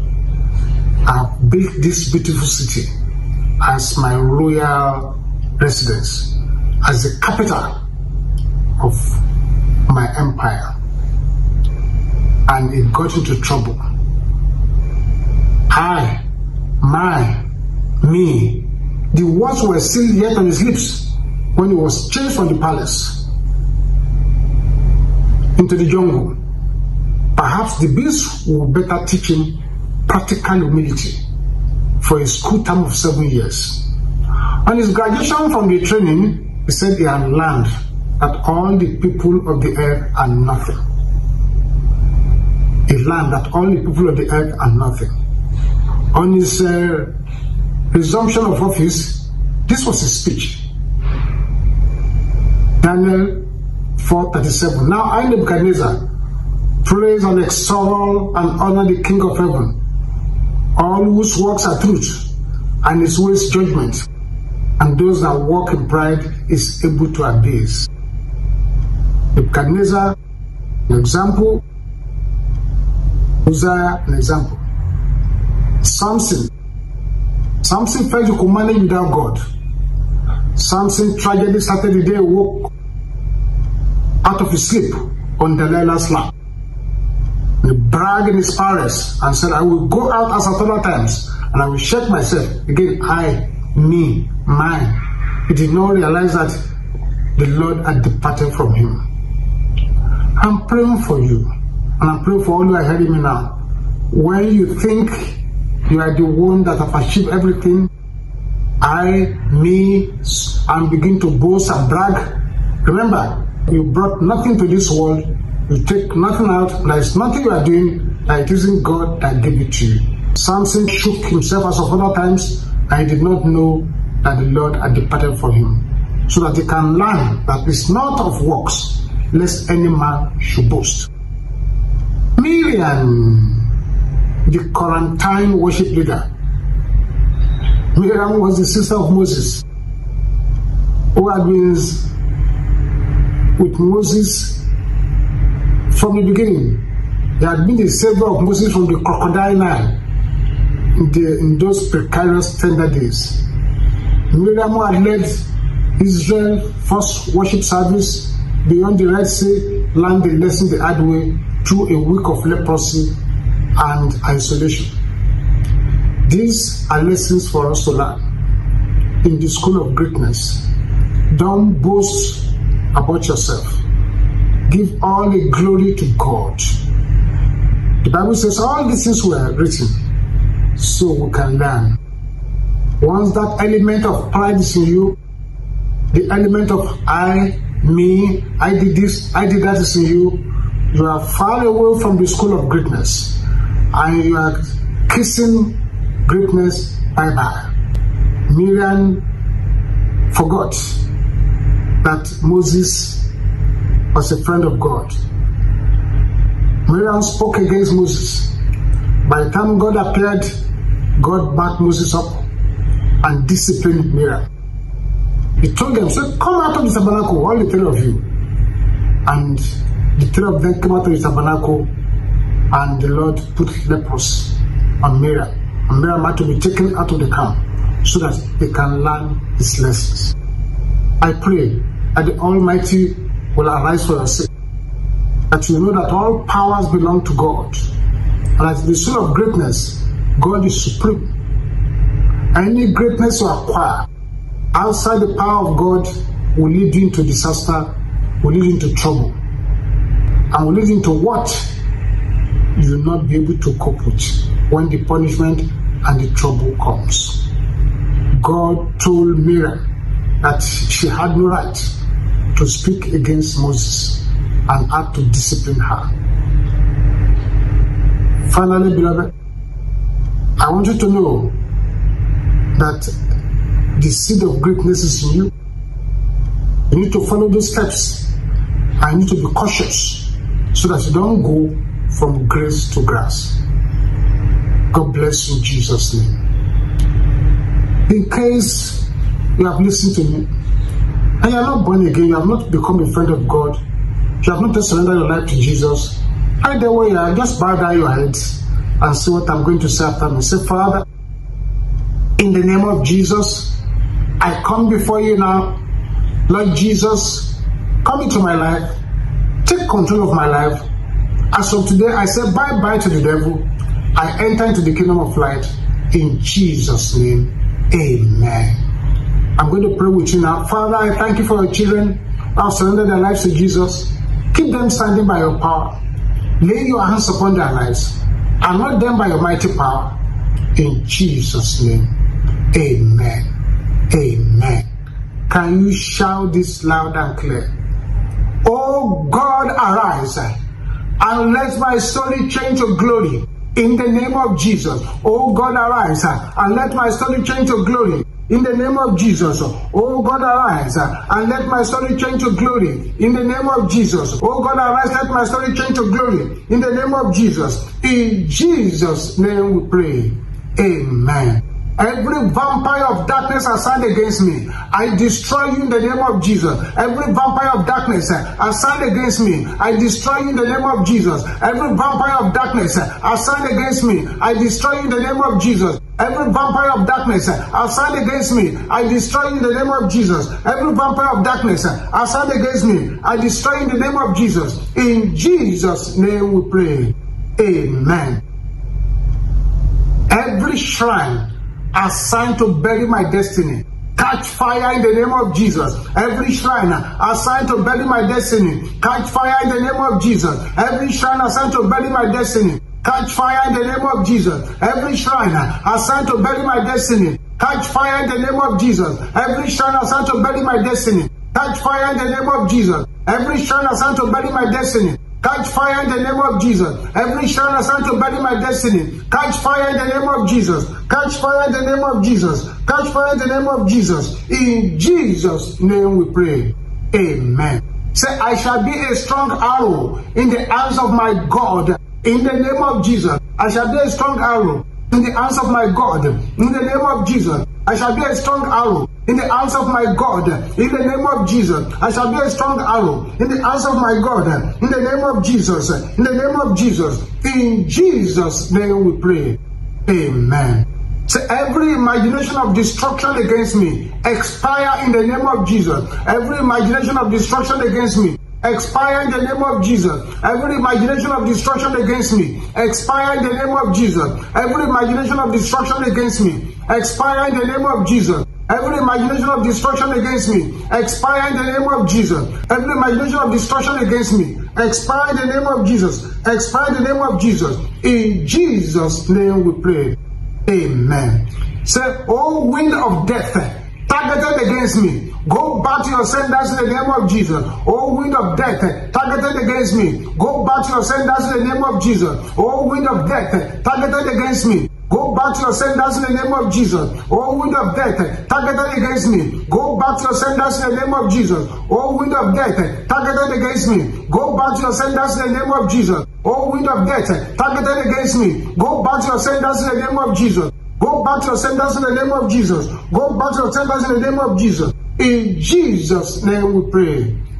i built this beautiful city as my royal residence, as the capital of my empire. And it got into trouble. I, my, me. The words were still yet on his lips when he was chased from the palace into the jungle. Perhaps the beast will better teach him practical humility for his school term of seven years. On his graduation from the training, he said he had learned that all the people of the earth are nothing. He learned that all the people of the earth are nothing on his uh, resumption of office, this was his speech. Daniel 4.37. Now I, Nebuchadnezzar, praise and extol and honor the King of heaven, all whose works are truth and his ways judgment, and those that walk in pride is able to abase. Nebuchadnezzar, an example. Uzziah, an example. Samson. Samson felt you could manage without God. Samson tragedy started the day woke out of his sleep on Delilah's lap. He bragged in his palace and said, I will go out as at other times and I will shake myself. Again, I, me, mine. He did not realize that the Lord had departed from him. I'm praying for you and I'm praying for all who are hearing me now. When you think you are the one that have achieved everything. I, me, and begin to boast and brag. Remember, you brought nothing to this world. You take nothing out. There is nothing you are doing that it isn't God that gave it to you. Samson shook himself as of other times, and he did not know that the Lord had departed from him, so that he can learn that it's not of works, lest any man should boast. Miriam the Quarantine worship leader. Miriam was the sister of Moses, who had been with Moses from the beginning. They had been the savior of Moses from the crocodile man in, the, in those precarious tender days. Miriam had led Israel first worship service beyond the Red Sea, learned the lesson the hard way through a week of leprosy and isolation. These are lessons for us to learn in the school of greatness. Don't boast about yourself. Give all the glory to God. The Bible says all these things were written so we can learn. Once that element of pride is in you, the element of I, me, I did this, I did that is in you, you are far away from the school of greatness and you are kissing greatness bye bye. Miriam forgot that Moses was a friend of God. Miriam spoke against Moses. By the time God appeared, God backed Moses up and disciplined Miriam. He told them, so come out of the tabernacle, all the three of you. And the three of them came out of the tabernacle and the Lord put lepers on Miriam, and Miriam had to be taken out of the camp so that they can learn his lessons. I pray that the Almighty will arise for your sake, that you know that all powers belong to God, and that the soul of greatness, God is supreme. Any greatness you acquire outside the power of God will lead you into disaster, will lead you into trouble, and will lead you into what you will not be able to cope with when the punishment and the trouble comes. God told Miriam that she had no right to speak against Moses and had to discipline her. Finally, beloved, I want you to know that the seed of greatness is in you. You need to follow those steps. I need to be cautious so that you don't go from grace to grace. God bless you, Jesus' name. In case you have listened to me and you are not born again, you have not become a friend of God, you have not surrendered your life to Jesus, either way, you uh, are, just bow down your heads and see what I'm going to say after me. Say, Father, in the name of Jesus, I come before you now. Lord Jesus, come into my life. Take control of my life as of today, I say bye bye to the devil. I enter into the kingdom of light in Jesus' name. Amen. I'm going to pray with you now. Father, I thank you for your children. I'll surrender their lives to Jesus. Keep them standing by your power. Lay your hands upon their lives. Anoint them by your mighty power. In Jesus' name. Amen. Amen. Can you shout this loud and clear? Oh God, arise Oh and let my story change to glory. In the name of Jesus, oh God, arise and let my story change to glory. In the name of Jesus, oh God, arise and let my story change to glory. In the name of Jesus, oh God, arise, let my story change to glory. In the name of Jesus, in Jesus' name we pray. Amen. Every vampire of darkness assigned against me, I destroy you in the name of Jesus. Every vampire of darkness eh, assigned against me, I destroy you in the name of Jesus. Every vampire of darkness eh, assigned against me, I destroy you in the name of Jesus. Every vampire of darkness eh, assigned against me, I destroy in the name of Jesus. Every vampire of darkness assigned against me, I destroy in the name of Jesus. In Jesus' name we pray. Amen. Every shrine assigned to bury my destiny catch fire in the name of Jesus. Every shrine assigned to bury my destiny, catch fire in the name of Jesus. Every shrine assigned to bury my destiny, catch fire in the name of Jesus. Every shrine assigned to bury my destiny, catch fire in the name of Jesus. Every shrine assigned to bury my destiny, catch fire in the name of Jesus. Every shrine assigned to bury my destiny, Catch fire in the name of Jesus. Every shine assigned to bury my destiny. Catch fire in the name of Jesus. Catch fire in the name of Jesus. Catch fire in the name of Jesus. In Jesus' name we pray. Amen. Say, I shall be a strong arrow in the hands of my God. In the name of Jesus. I shall be a strong arrow in the hands of my God. In the name of Jesus. I shall be a strong arrow in the eyes of my God, in the name of Jesus. I shall be a strong arrow in the eyes of my God, in the name of Jesus, in the name of Jesus. In Jesus' name we pray. Amen. So every imagination of destruction against me, expire in the name of Jesus. Every imagination of destruction against me, expire in the name of Jesus. Every imagination of destruction against me, expire in the name of Jesus. Every imagination of destruction against me, expire in the name of Jesus. Every imagination of destruction against me, expire in the name of Jesus. Every imagination of destruction against me, expire in the name of Jesus. Expire in the name of Jesus. In Jesus' name we pray. Amen. Say, oh wind of death targeted against me, go back to your senders in the name of Jesus. Oh wind of death targeted against me, go back to your senders in the name of Jesus. Oh wind of death targeted against me. back to your senders in the name of Jesus. Oh, wind of death, targeted against me. Go back to your senders in the name of Jesus. Oh, wind of death, targeted against me. Go back to your senders in the name of Jesus. Oh, wind of death, targeted against me. Go back to your senders in the name of Jesus. Go back to your senders in the name of Jesus. Go back to your senders in the name of Jesus. In Jesus' name we pray.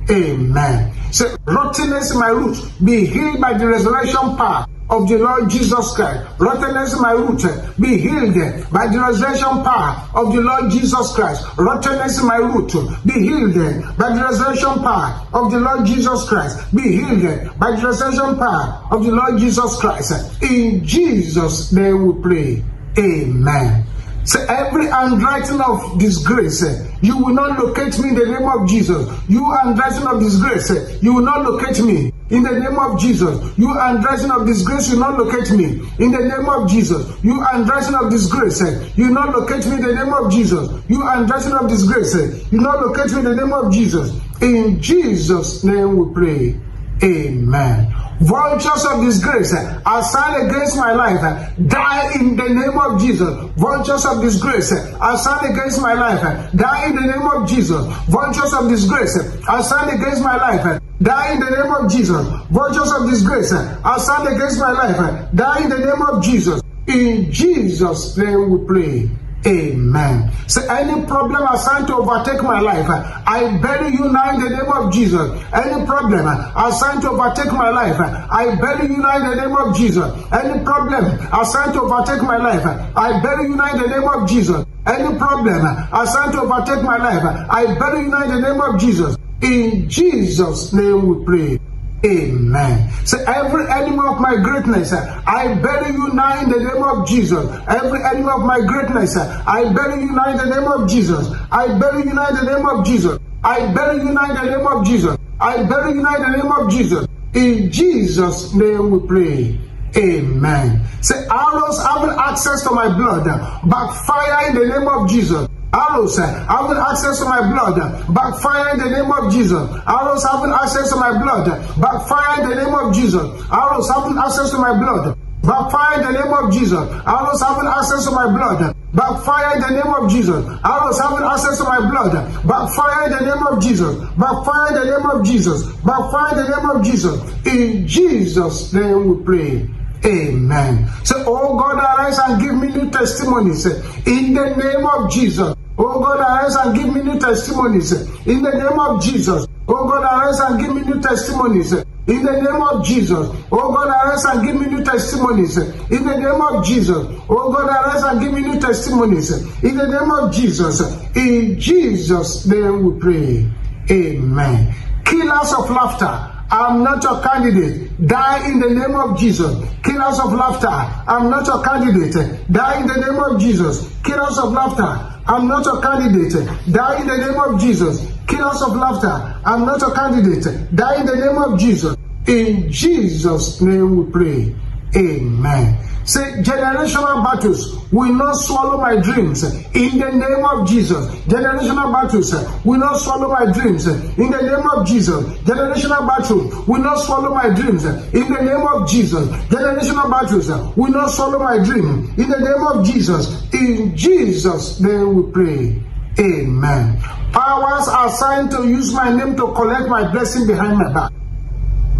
Amen. Say, rottenness in my roots be healed by the resurrection power of the Lord Jesus Christ. Rottenness my root be healed by the resurrection power of the Lord Jesus Christ. Rottenness my root be healed by the resurrection power of the Lord Jesus Christ. Be healed by the resurrection power of the Lord Jesus Christ. In Jesus' name we pray. Amen. So every handwriting of disgrace, you will not locate me in the name of Jesus. You handwriting of disgrace, you will not locate me In the name of Jesus, you undressing of disgrace, you not locate me. In the name of Jesus, you undressing of disgrace, eh, you not locate me in the name of Jesus. You undressing of disgrace, eh, you not locate me in the name of Jesus. In Jesus' name we pray. Amen. Vultures of disgrace I eh, signed against my life. Die in the name of Jesus. Vultures of disgrace I signed against my life. Die in the name of Jesus. Vultures of disgrace I signed against my life. Die in the name of Jesus. Virtues of disgrace. Outside eh, against my life. Eh. Die in the name of Jesus. In Jesus' name we pray. Amen. So any problem assigned to overtake my life, eh, I bury you now in the name of Jesus. Any problem assigned to overtake my life, I bury you now in the name of Jesus. Any problem assigned to overtake my life, I bury you now in the name of Jesus. Any problem assigned to overtake my life, I bury you now in the name of Jesus. In Jesus' name we pray. Amen. Say, every enemy of my greatness, I bury you now in the name of Jesus. Every enemy of my greatness, I bury you now in the name of Jesus. I bury you now in the name of Jesus. I bury you now in the name of Jesus. I bury you now in the name of Jesus. In Jesus' name we pray. Amen. Say, arrows having access to my blood, backfire in the name of Jesus. Arrows having access to my blood, backfire in the name of Jesus. Arrows having access to my blood, backfire in the name of Jesus. Arrows having access to my blood, backfire in the name of Jesus. Arrows having access to my blood, backfire in the name of Jesus. Arrows having access to my blood, backfire in the name of Jesus. Backfire in the name of Jesus. Backfire in the name of Jesus. In Jesus' name we pray. Amen. Say, Oh God, arise and give me new testimonies in the name of Jesus. Oh God, arise and give me new testimonies in the name of Jesus. Oh God, arise and give me new testimonies in the name of Jesus. Oh God, arise and give me new testimonies in the name of Jesus. Oh God, arise and give me new testimonies in the name of Jesus. In Jesus' name we pray. Amen. Killers of laughter. I'm not your candidate. Die in the name of Jesus. Killers of laughter. I'm not your candidate. Die in the name of Jesus. Killers of laughter. I'm not your candidate. Die in the name of Jesus. Killers of laughter. I'm not your candidate. Die in the name of Jesus. In Jesus' name we pray. Amen. Say, generational battles will not swallow my dreams in the name of Jesus. Generational battles eh, will not swallow my dreams in the name of Jesus. Generational battles will not swallow my dreams in the name of Jesus. Generational battles will not swallow my dream in the name of Jesus. In Jesus' name we pray. Amen. Powers assigned to use my name to collect my blessing behind my back.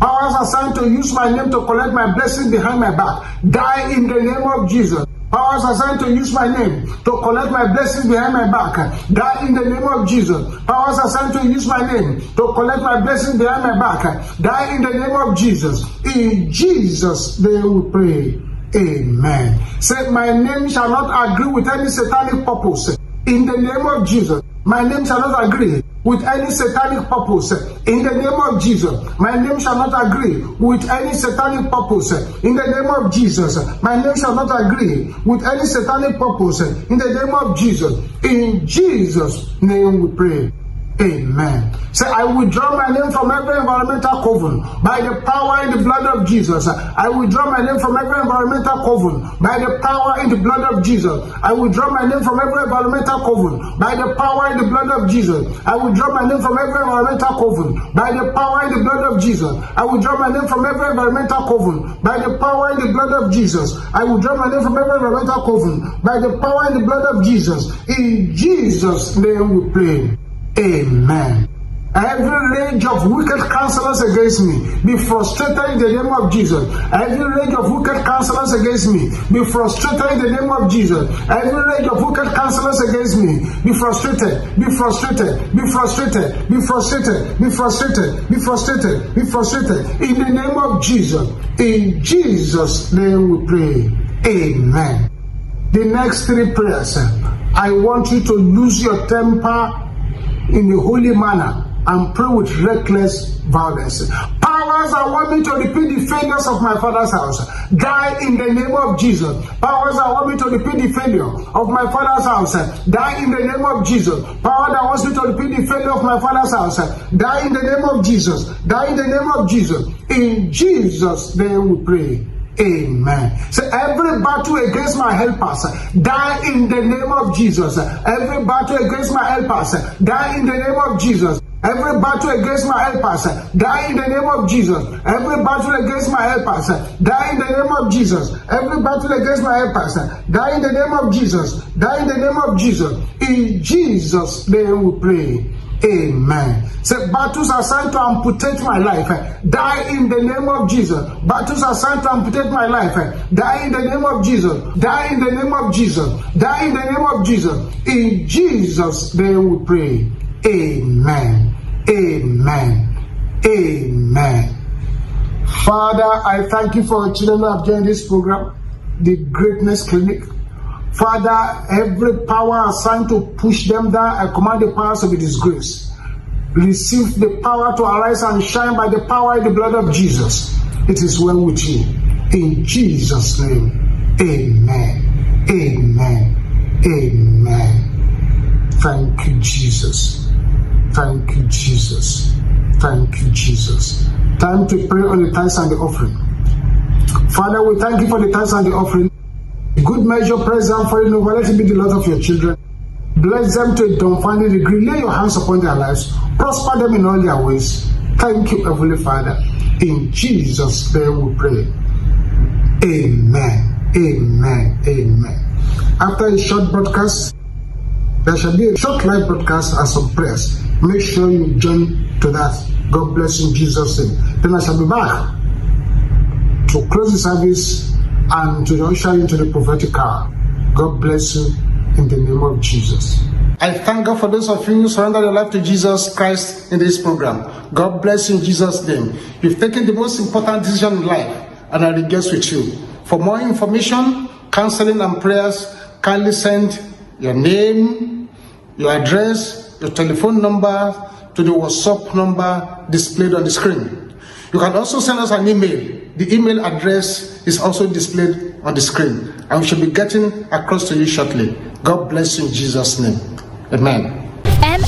powers assigned to use my name to collect my blessing behind my back, die in the name of Jesus. Powers assigned to use my name to collect my blessing behind my back, die in the name of Jesus. Powers assigned to use my name to collect my blessing behind my back, die in the name of Jesus. In Jesus, they will pray. Amen. Say, my name shall not agree with any satanic purpose. In the name of Jesus, my name shall not agree with any satanic purpose in the name of Jesus. My name shall not agree with any satanic purpose in the name of Jesus. My name shall not agree with any satanic purpose in the name of Jesus. In Jesus' name we pray. Amen. Say, I withdraw my name from every environmental coven by the power in the blood of Jesus. I withdraw my name from every environmental coven by the power in the blood of Jesus. I withdraw my name from every environmental coven by the power in the blood of Jesus. I withdraw my name from every environmental coven by the power in the blood of Jesus. I withdraw my name from every environmental coven by the power in the blood of Jesus. I withdraw my name from every environmental coven by the power in the blood of Jesus. In Jesus' name we pray. Amen. Every range of wicked counselors against me be frustrated in the name of Jesus. Every range of wicked counselors against me be frustrated in the name of Jesus. Every range of wicked counselors against me be frustrated, be frustrated, be frustrated, be frustrated, be frustrated, be frustrated, be frustrated in the name of Jesus. In Jesus' name we pray. Amen. The next three prayers. I want you to lose your temper in a holy manner and pray with reckless violence. Powers I want me to repeat the failures of my father's house, die in the name of Jesus. Powers I want me to repeat the failure of my father's house, die in the name of Jesus. Power that wants me to repeat the failure of my father's house, die in the name of Jesus. Die in the name of Jesus. In Jesus' name we pray. Amen. So every battle against my helpers, die in the name of Jesus. Every battle against my helpers, die in the name of Jesus. Every battle against my helpers, die in the name of Jesus. Every battle against my helpers, die in the name of Jesus. Every battle against my helpers, die in the name of Jesus. Die in the name of Jesus. In Jesus' name we pray. Amen. Say, battles are sent to amputate my life. Eh, die in the name of Jesus. Battles are sent to amputate my life. Eh, die in the name of Jesus. Die in the name of Jesus. Die in the name of Jesus. In Jesus' name we pray. Amen. Amen. Amen. Father, I thank you for children who have joined this program, the Greatness Clinic. Father, every power assigned to push them down, I command the powers to be disgraced. Receive the power to arise and shine by the power in the blood of Jesus. It is well with you. In Jesus' name, amen. Amen. Amen. Thank you, Jesus. Thank you, Jesus. Thank you, Jesus. Time to pray on the tithes and the offering. Father, we thank you for the tithes and the offering. Good measure, press down for it over. Let it be the lot of your children. Bless them to a dumbfounding degree. Lay your hands upon their lives. Prosper them in all their ways. Thank you, Heavenly Father. In Jesus' name we pray. Amen. Amen. Amen. After a short broadcast, there shall be a short live broadcast and some prayers. Make sure you join to that. God bless in Jesus' name. Then I shall be back to close the service and to usher you into the prophetic car, God bless you in the name of Jesus. I thank God for those of you who surrender your life to Jesus Christ in this program. God bless you in Jesus' name. You've taken the most important decision in life, and I rejoice with you. For more information, counseling, and prayers, kindly send your name, your address, your telephone number to the WhatsApp number displayed on the screen. You can also send us an email. The email address is also displayed on the screen. And we shall be getting across to you shortly. God bless you in Jesus' name. Amen.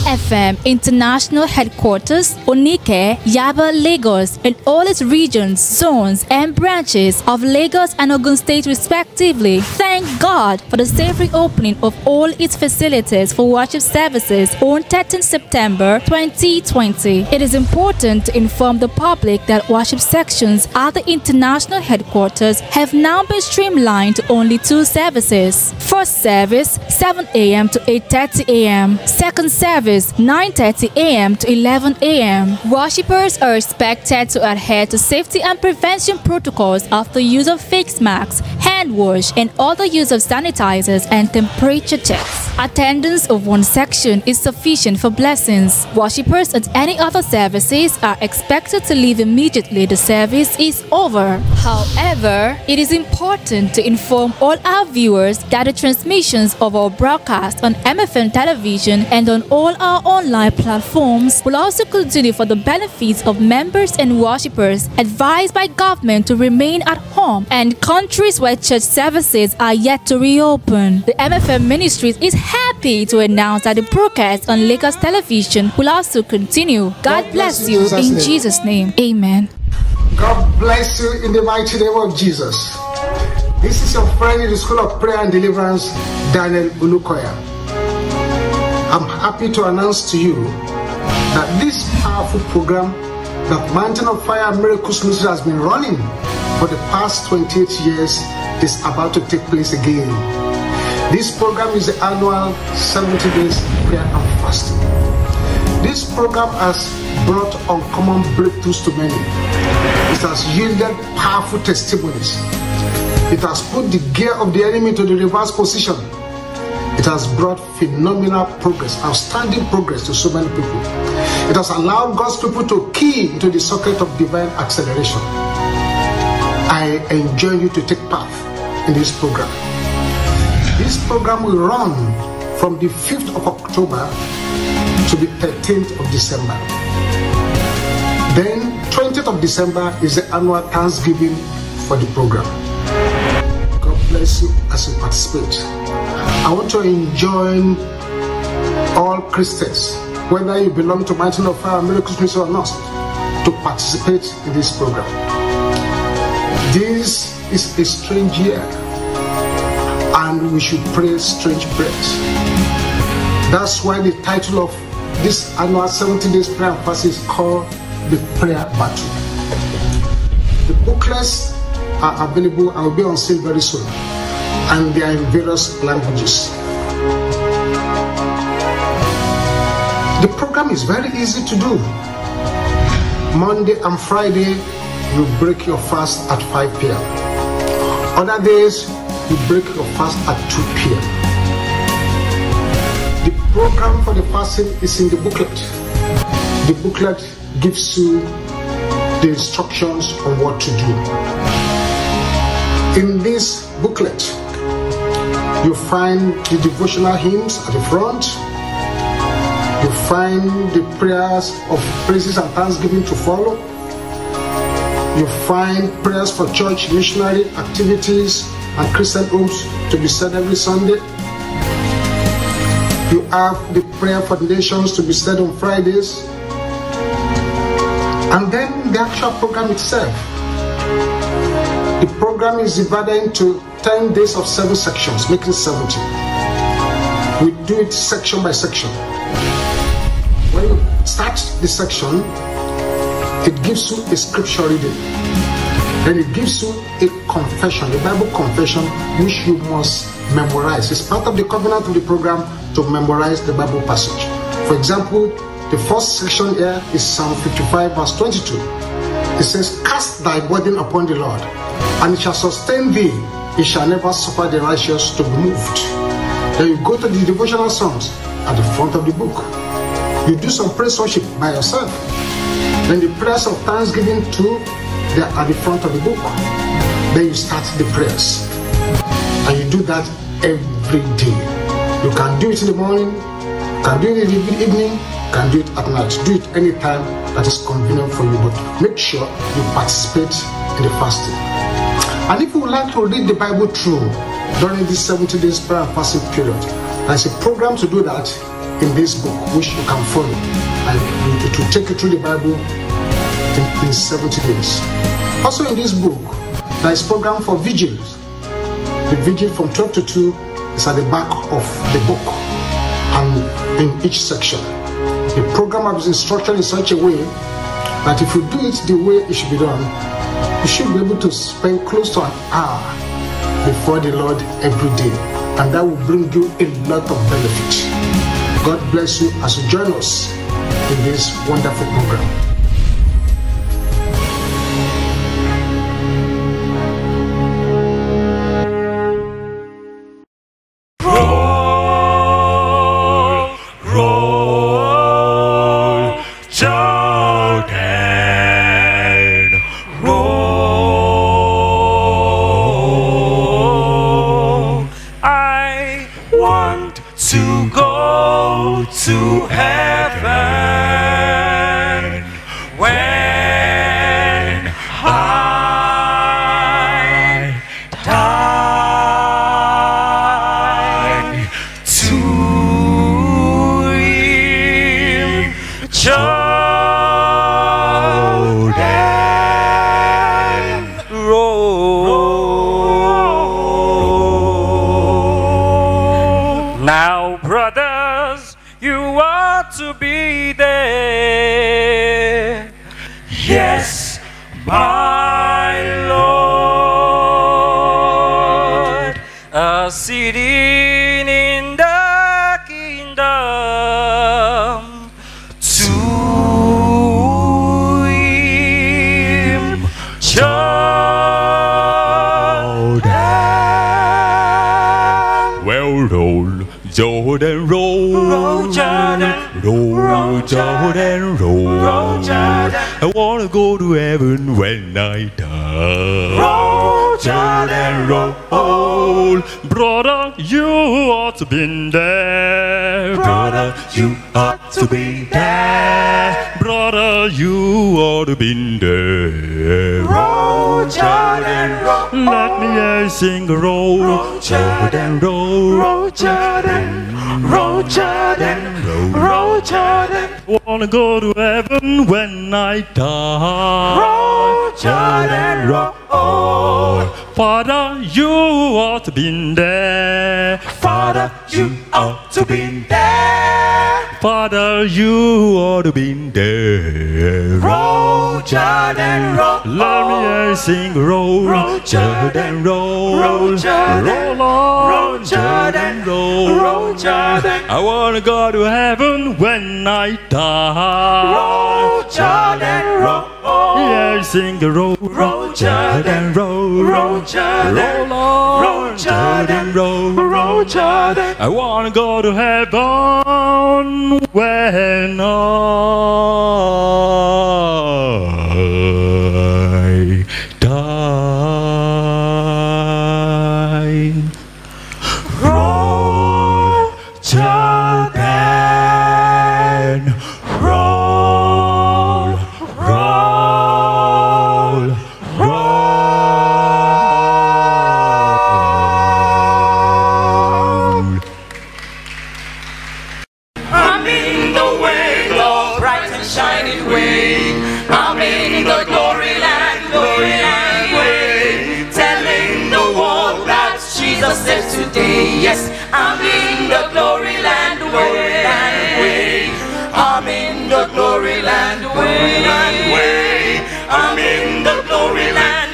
FM International Headquarters, Onike, Yaba, Lagos, and all its regions, zones, and branches of Lagos and Ogun State respectively. Thank God for the safe reopening of all its facilities for worship services on 13 September 2020. It is important to inform the public that worship sections at the international headquarters have now been streamlined to only two services. First service, 7 a.m. to 8.30 a.m. Second service, 9.30 a.m. to 11 a.m. Worshippers are expected to adhere to safety and prevention protocols after use of face masks, hand wash and other use of sanitizers and temperature checks. Attendance of one section is sufficient for blessings. Worshippers at any other services are expected to leave immediately the service is over. However, it is important to inform all our viewers that the transmissions of our broadcast on MFM television and on all our our online platforms will also continue for the benefits of members and worshippers advised by government to remain at home and countries where church services are yet to reopen. The MFM Ministries is happy to announce that the broadcast on Lagos television will also continue. God bless you in Jesus' name. Amen. God bless you in the mighty name of Jesus. This is your friend in the School of Prayer and Deliverance, Daniel Ulukoya. I'm happy to announce to you that this powerful program that Mountain of Fire Miracles Ministry has been running for the past 28 years is about to take place again. This program is the annual 70 days prayer and fasting. This program has brought uncommon breakthroughs to many. It has yielded powerful testimonies. It has put the gear of the enemy to the reverse position it has brought phenomenal progress, outstanding progress to so many people. It has allowed God's people to key into the circuit of divine acceleration. I enjoin you to take part in this program. This program will run from the 5th of October to the 13th of December. Then 20th of December is the annual Thanksgiving for the program. God bless you as you participate. I want to enjoin all Christians, whether you belong to Mountain of Fire Miracle Ministry or not, to participate in this program. This is a strange year, and we should pray strange prayers. That's why the title of this annual 70 days prayer pass fast is called the prayer battle. The booklets are available and will be on sale very soon and they are in various languages. The program is very easy to do. Monday and Friday, you break your fast at 5 p.m. Other days, you break your fast at 2 p.m. The program for the fasting is in the booklet. The booklet gives you the instructions on what to do. In this booklet, you find the devotional hymns at the front. You find the prayers of praises and thanksgiving to follow. You find prayers for church missionary activities and Christian homes to be said every Sunday. You have the prayer for nations to be said on Fridays. And then the actual program itself. The program is divided into 10 days of seven sections, making 70. We do it section by section. When you start the section, it gives you a scripture reading. Then it gives you a confession, the Bible confession, which you must memorize. It's part of the covenant of the program to memorize the Bible passage. For example, the first section here is Psalm 55, verse 22. It says, Cast thy burden upon the Lord, and he shall sustain thee he shall never suffer the righteous to be moved. Then you go to the devotional songs at the front of the book. You do some praise worship by yourself. Then the prayers of thanksgiving to the, at the front of the book. Then you start the prayers. And you do that every day. You can do it in the morning, can do it in the evening, can do it at night. Do it anytime that is convenient for you, but make sure you participate in the fasting. And if you would like to read the Bible through during this 70 days prayer and fasting period, there's a program to do that in this book, which you can follow. And it will take you through the Bible in, 70 days. Also in this book, there is program for vigils. The vigil from 12 to 2 is at the back of the book and in each section. The program is structured in such a way that if you do it the way it should be done, you should be able to spend close to an hour before the Lord every day, and that will bring you a lot of benefit. God bless you as you join us in this wonderful program. and roll. Roll Jordan. Roll on. Roll Jordan. Roll. roll Jordan. I want to go to heaven when I die. Roll Jordan. Roll. Yeah, sing a roll. Roll Jordan. Roll. Roll Jordan. Roll on. Roll Jordan. Roll. Roll Jordan. I want to go to heaven when I today. Yes, I'm in the glory land way. I'm in the glory land way. I'm in the glory land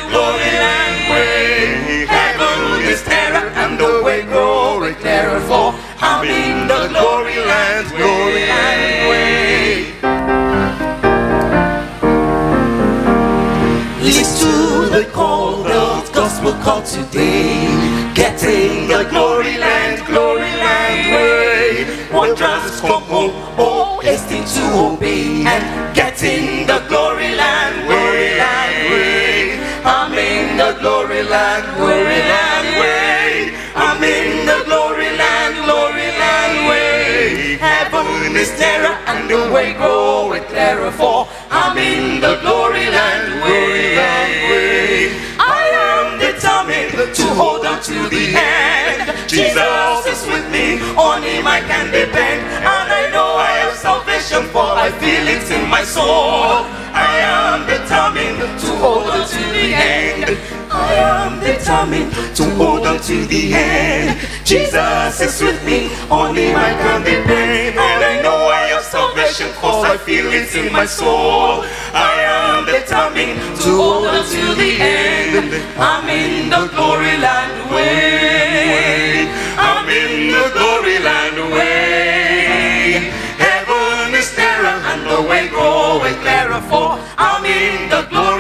land, glory land way. I'm in the glory land, glory land way. Heaven is terror and the way groweth terror for. I'm in the glory land, glory land way. I am determined to hold on to the end. Jesus is with me, on him I can depend. And I know I have salvation for I feel it in my soul. I am determined to hold on to the end. I am determined to hold on to the end. Jesus is with me, only my I can depend. And I know I have salvation, cause I feel it in my soul. I am determined to hold on to the end. I'm in the glory land way. I'm in the glory land way. Heaven is there and the way groweth there. for I'm in the glory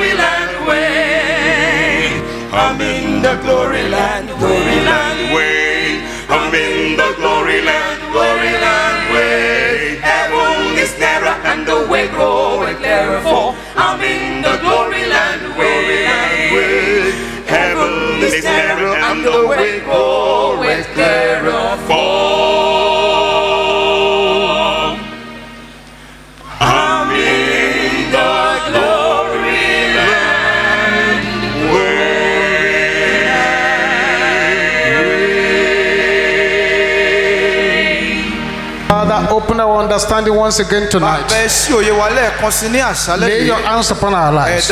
the glory land, glory land way. I'm in the glory land, glory land way. Heaven is nearer and the way growing clearer for. I'm in the glory land, glory land way. Heaven is nearer and the way growing understanding once again tonight. Bàbá Lay your hands upon our lives.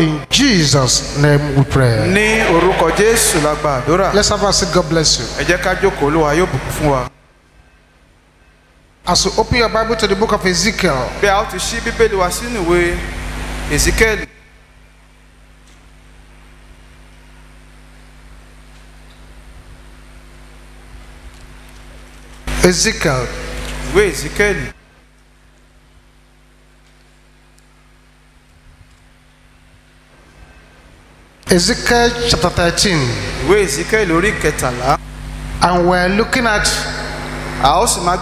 In Jesus' name we pray. Let's have a seat, God bless you. As you open your Bible to the book of Ezekiel. Ezekiel. Ezekiel ìwé ìsíkẹ́lì. Ezekiel chapter thirteen. Ìwé Ezekiel orí kẹtàlá. And we're looking at. A ó sì máa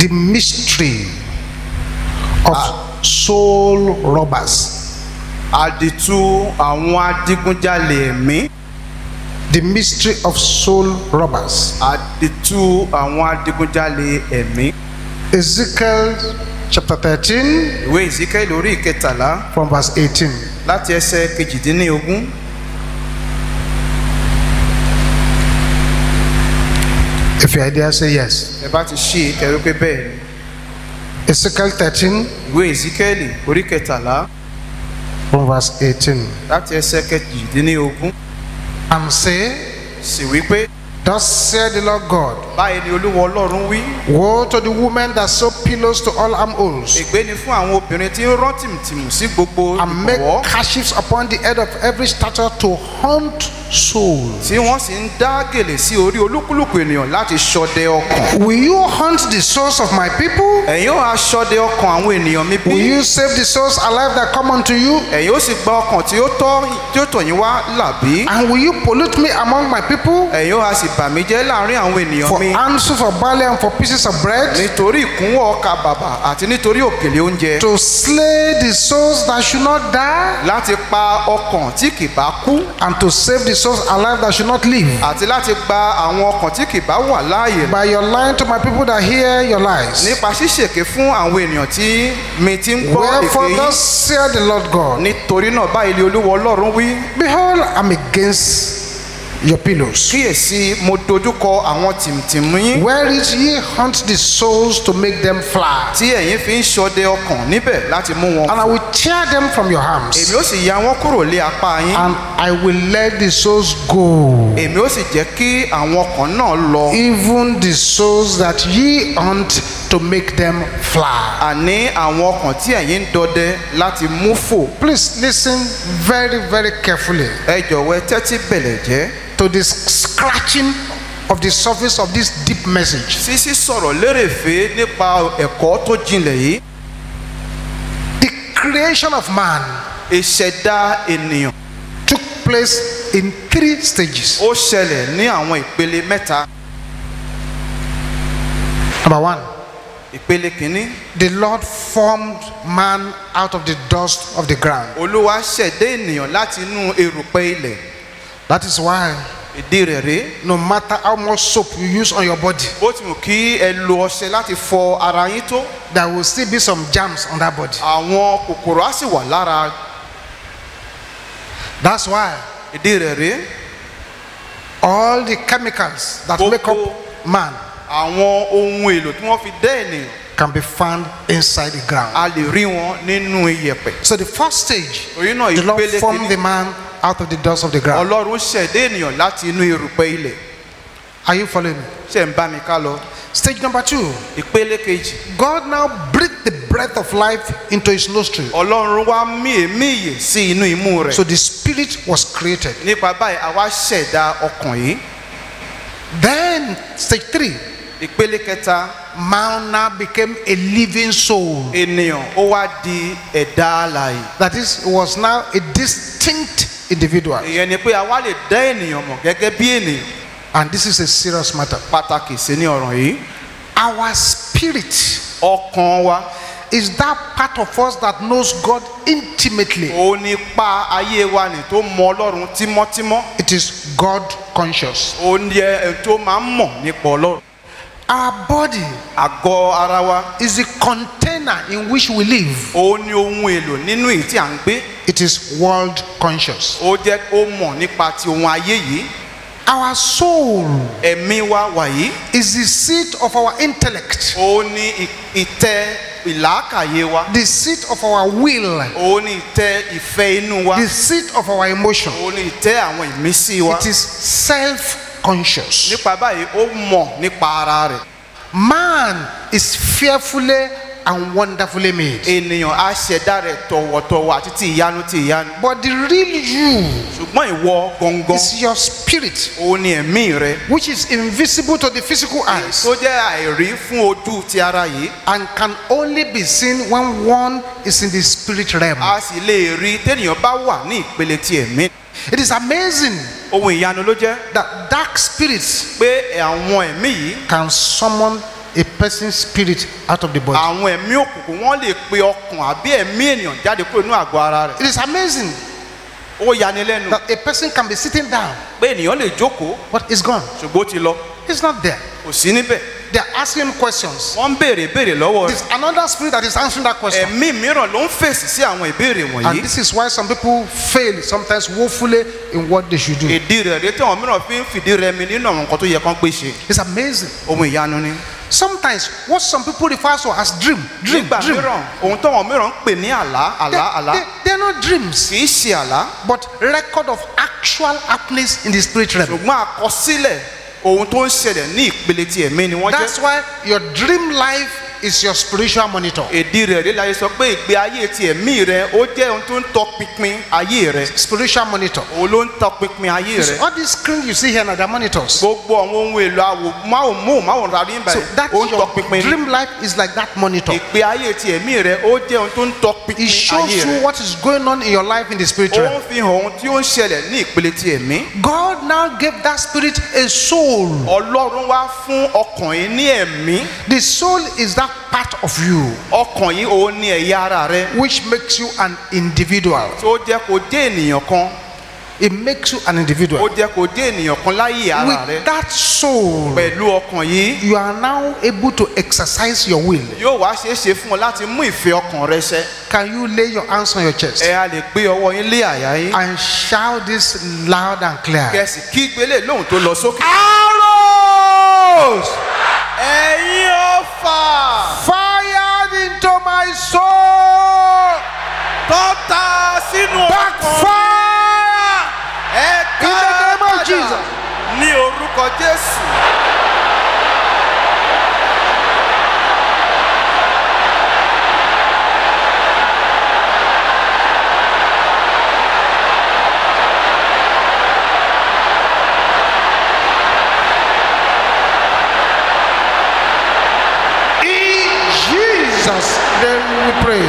The mystery of soul robbers. Àdìtú àwọn adigunjalè ẹ̀mí the mystery of soul robbers. àdìtú àwọn adigunjalè ẹ̀mí. Ezekiel chapter thirteen. ìwé Ezekiel orí ìkẹtàlá. from verse eighteen. láti ẹsẹ̀ kejìdínlógún. if your idea say yes. ẹ bá ti ṣí kẹrù pé bẹ́ẹ̀ Ezekiel thirteen. ìwé Ezekiel orí kẹtàlá. from verse eighteen. láti ẹsẹ̀ kejìdínlógún. and say, sì wípé Thus said the Lord God. Báyìí ni Olúwa Ọlọ́run wí. Woe to the women that sew pillows to all armholes. Ègbé ni fún àwọn obìnrin tí ń rán tìmùtìmù sí gbogbo ìbọ̀wọ́. And make cashews upon the head of every statue to hunt souls. Tí wọ́n sì ń dá gèlè sí orí olúkúlùkù ènìyàn láti ṣọdẹ ọkàn. Will you hunt the souls of my people? Ẹ̀yin ó aṣọdẹ ọkàn àwọn ènìyàn mi bí. Will you save the souls alive that come unto you? Ẹ̀yin ó sì gba ọkàn tí ó tọ̀ yín wá là And will you pollute me among my people? Ẹ̀yin ó a ìbàmíjẹ́ láàrin àwọn ènìyàn mi. for handfuls of barley and for pieces of bread. nítorí ìkúnwọ́ ọkà bàbà àti nítorí òkèlè oúnjẹ. to slay the souls that should not die. láti pa ọkàn tí kì bá kú. and to save the souls alive that should not live. àti láti gba àwọn ọkàn tí kì bá wà láàyè. by your lying to my people that hear your lies. nípa ṣíṣèké fún àwọn ènìyàn tí mi ti ń gbọ́ èké yìí. wherefore thus said the lord god. nítorí náà báyìí ilé olúwa ọlọ́run wí. behold i'm against your pillows. kíyèsí mo dojúkọ àwọn tìmtìmù yín. where is ye hunt the souls to make them fly. tí ẹ̀yin fi ń ṣọdẹ ọkàn níbẹ̀ láti mú wọn. and i will tear them from your arms. èmi ó sì ya wọn kúrò lé apá yín. and i will let the souls go. èmi ó sì jẹ́ kí àwọn ọkàn náà lọ. even the souls that ye hunt to make them fly. àní àwọn ọkàn tí ẹ̀yin ń dọdẹ láti mú fò. please lis ten very very carefully. ẹ jọ̀wọ́ ẹ tẹ́tí bẹ̀lẹ̀ jẹ́ to the scratching of the surface of this deep message. sísí sọ̀rọ̀ lérèfé nípa ẹ̀kọ́ tó jinlẹ̀ yìí. the creation of man. ìṣẹ̀dá ènìyàn. took place in three stages. ó ṣẹlẹ̀ ní àwọn ìpele mẹ́ta. number one. ìpele kìíní. the lord formed man out of the dust of the ground. olúwa ṣẹ̀dá ènìyàn láti inú erùpẹ̀ ilẹ̀ that is why ìdí rẹ̀ rèé. no matter how much soap you use on your body. bó ti mú kí ẹ lo ọṣẹ láti fọ ara yín tó. there will still be some germs on that body. àwọn kòkòrò á sì wà lára. that's why. ìdí rẹ̀ rèé. all the chemicals that Boko, make up man. àwọn ohun èlò tí wọ́n fi dẹ́ ènìyàn. can be found inside the ground. a lè rí wọn nínú iyẹ̀pẹ̀. so the first stage. oyún náà ìpele kìíní the Lord formed the man out of the dust of the ground. ọlọ́run ṣẹ̀dá ènìyàn láti inú erùpẹ̀ ilẹ̀. are you following me. ṣe ń bá mi ká lọ. stage number two. ìpele kejì. God now breathed the breath of life into his nostril. ọlọ́run wá mí èémí ìyè sí inú imú rẹ̀. so the spirit was created. nípa báyìí àwa ṣẹ̀dá ọkàn yìí. then stage three. ìpele kẹta. man now became a living soul. ènìyàn ó wá di ẹ̀dá alààyè. that is was now a distinct individuals. ìyẹn ni pé àwa lè dá ènìyàn mọ̀ gẹ́gẹ́ bí ènìyàn. and this is a serious matter. pàtàkì sí ní ọ̀ràn yìí. our spirit. ọkàn wa. is that part of us that knows God intimately. ó ní pa ayé wa ni tó mọ ọlọ́run tímọ́tímọ́. it is God conscious. ó ní ẹ tó máa ń mọ̀ nípa ọlọ́run our body àgọ́ ara wa is the container in which we live. ó ní ohun èlò nínú èyí tí à ń gbé. it is world conscious. ó jẹ́ ó mọ̀ nípa ti ohun ayé yìí. our soul. ẹ̀mí wa wàyí. is the seat of our intellect. ó ní ìtẹ́ ìlàkàyè wa. the seat of our will. òun ni ìtẹ́ ìfẹ́ inú wa. the seat of our emotion. òun ni ìtẹ́ àwọn ìmísí wa. it is self conscious. nípa báyìí ó mọ̀ nípa ara rẹ̀. man is fearfully and wonderfully made. ènìyàn á ṣẹ̀dá rẹ̀ tọ̀wọ̀tọ̀wọ̀ àti ti ìyanu ti ìyanu. but the real you. ṣùgbọ́n ìwọ gangan. is your spirit. òun ni ẹ̀mí rẹ. which is invisible to the physical eyes. tó jẹ́ àìrí fún ojú ti ara yìí. and can only be seen when one is in the spirit realm. a sì lè rí téèyàn bá wà ní ìpele ti ẹ̀mí. it is amazing ohun ìyanu ló jẹ́. that dark spirits. pé àwọn ẹ̀mí yìí. can summon a person's spirit out of the body. àwọn ẹ̀mí òkùnkùn wọ́n lè pe ọkàn àbí ẹ̀mí ènìyàn jáde kúrò nínú àgọ́ ara rẹ̀. it is amazing. ó yani lẹ́nu. that a person can be sitting down. pé ènìyàn lè jókòó. but it's gone. ṣùgbọ́n ó ti lọ. it's not there. kò sí níbẹ̀. they are asking questions. wọ́n béèrè béèrè lọ́wọ́ rẹ̀. there is another spirit that is answering that question. Me, mirror, ẹ̀mí mìíràn ló ń fèsì sí àwọn ìbéèrè wọ̀nyí. and this is why some people fail sometimes woefully in what they should do. ìdí rẹ̀ rẹ̀ tí àwọn mìíràn fi ń fìdí rẹmi nínú àwọn nǹkan tó yẹ kán gbé ṣe. it's amazing. ohun ìyanu ni. sometimes what some people refer to as dream dream Nígbà dream mìíràn ohun tó wọn mìíràn ń pè ní àlá àlá they are not dreams. kì í ṣe but record of actual happenings in the spiritual realm ohun tó ń ṣẹlẹ̀ ní ìpele ti ẹ̀mí ni wọ́n jẹ́. that's why your dream life is your spiritual monitor. Èdè rẹ̀ rí láyé sọ pé ìgbé ayé ti ẹ̀mí rẹ̀ ó jẹ́ ohun tó ń tọpinpin ayé rẹ̀. Spiritual monitor. Òun ló ń tọpinpin ayé rẹ̀. All these screens you see here na their monitors. Gbogbo àwọn ohun èlò àwò máwòmó máwòrán rí báyìí. So that your dream life is like that monitor. Ìgbé ayé ti ẹ̀mí rẹ̀ ó jẹ́ ohun tó ń tọpinpin ayé rẹ̀. It shows you what is going on in your life in the spiritual. Ó ń fi hàn ohun tí ó ń ṣẹlẹ̀ ní ìpele ti ẹ̀mí. God now gave that spirit a soul. Ọlọ́run wá fún ọkàn ní ẹ̀mí. The soul is that part of you. ọkàn yìí òun ni ẹ̀yà ara rẹ. which makes you an individual. tó jẹ́ kó jẹ́ ènìyàn kan. it makes you an individual. ó jẹ́ kó jẹ́ ènìyàn kan láyé ara rẹ. with that soul. pẹ̀lú ọkàn yìí. you are now able to exercise your will. yóò wá ṣeé ṣe fún ọ láti mú ìfẹ́ ọkàn rẹ ṣẹ. can you lay your hands on your chest. ẹ a lè gbé ọwọ́ yín lé àyà yín. and shout this loud and clear. kẹ̀sì kí gbélé lóhùn tó lọ sókè. arrows. ẹ̀yin o alma. Fired into my soul. Tọ́ta sínú ọkàn. Backfire. Ẹ̀ka padà ní orúkọ Jésù. pray.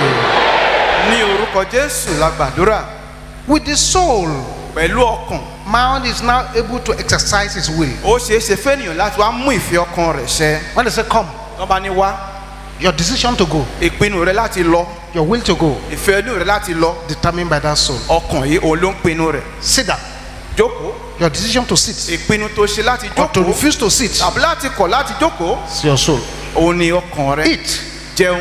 Ní orúkọ Jésù la gbàdúrà. With the soul. Pẹ̀lú ọkàn. Man is now able to exercise its will. Ó ṣeé ṣe fẹ́nìyàn láti wá mú ìfẹ́ ọkàn rẹ̀ ṣẹ. When they say come. Wọ́n bá ní wá. Your decision to go. Ìpinnu rẹ láti lọ. Your will to go. Ìfẹ́ inú rẹ láti lọ. Determined by that soul. Ọkàn yìí òun ló ń pinnu rẹ̀. Sit down. Your decision to sit. Ìpinnu tó ṣe láti jókòó. Or to refuse to sit. Tàbí láti kọ̀ láti jókòó. It's your soul. Òun ni ọkàn rẹ. Eat. Jẹun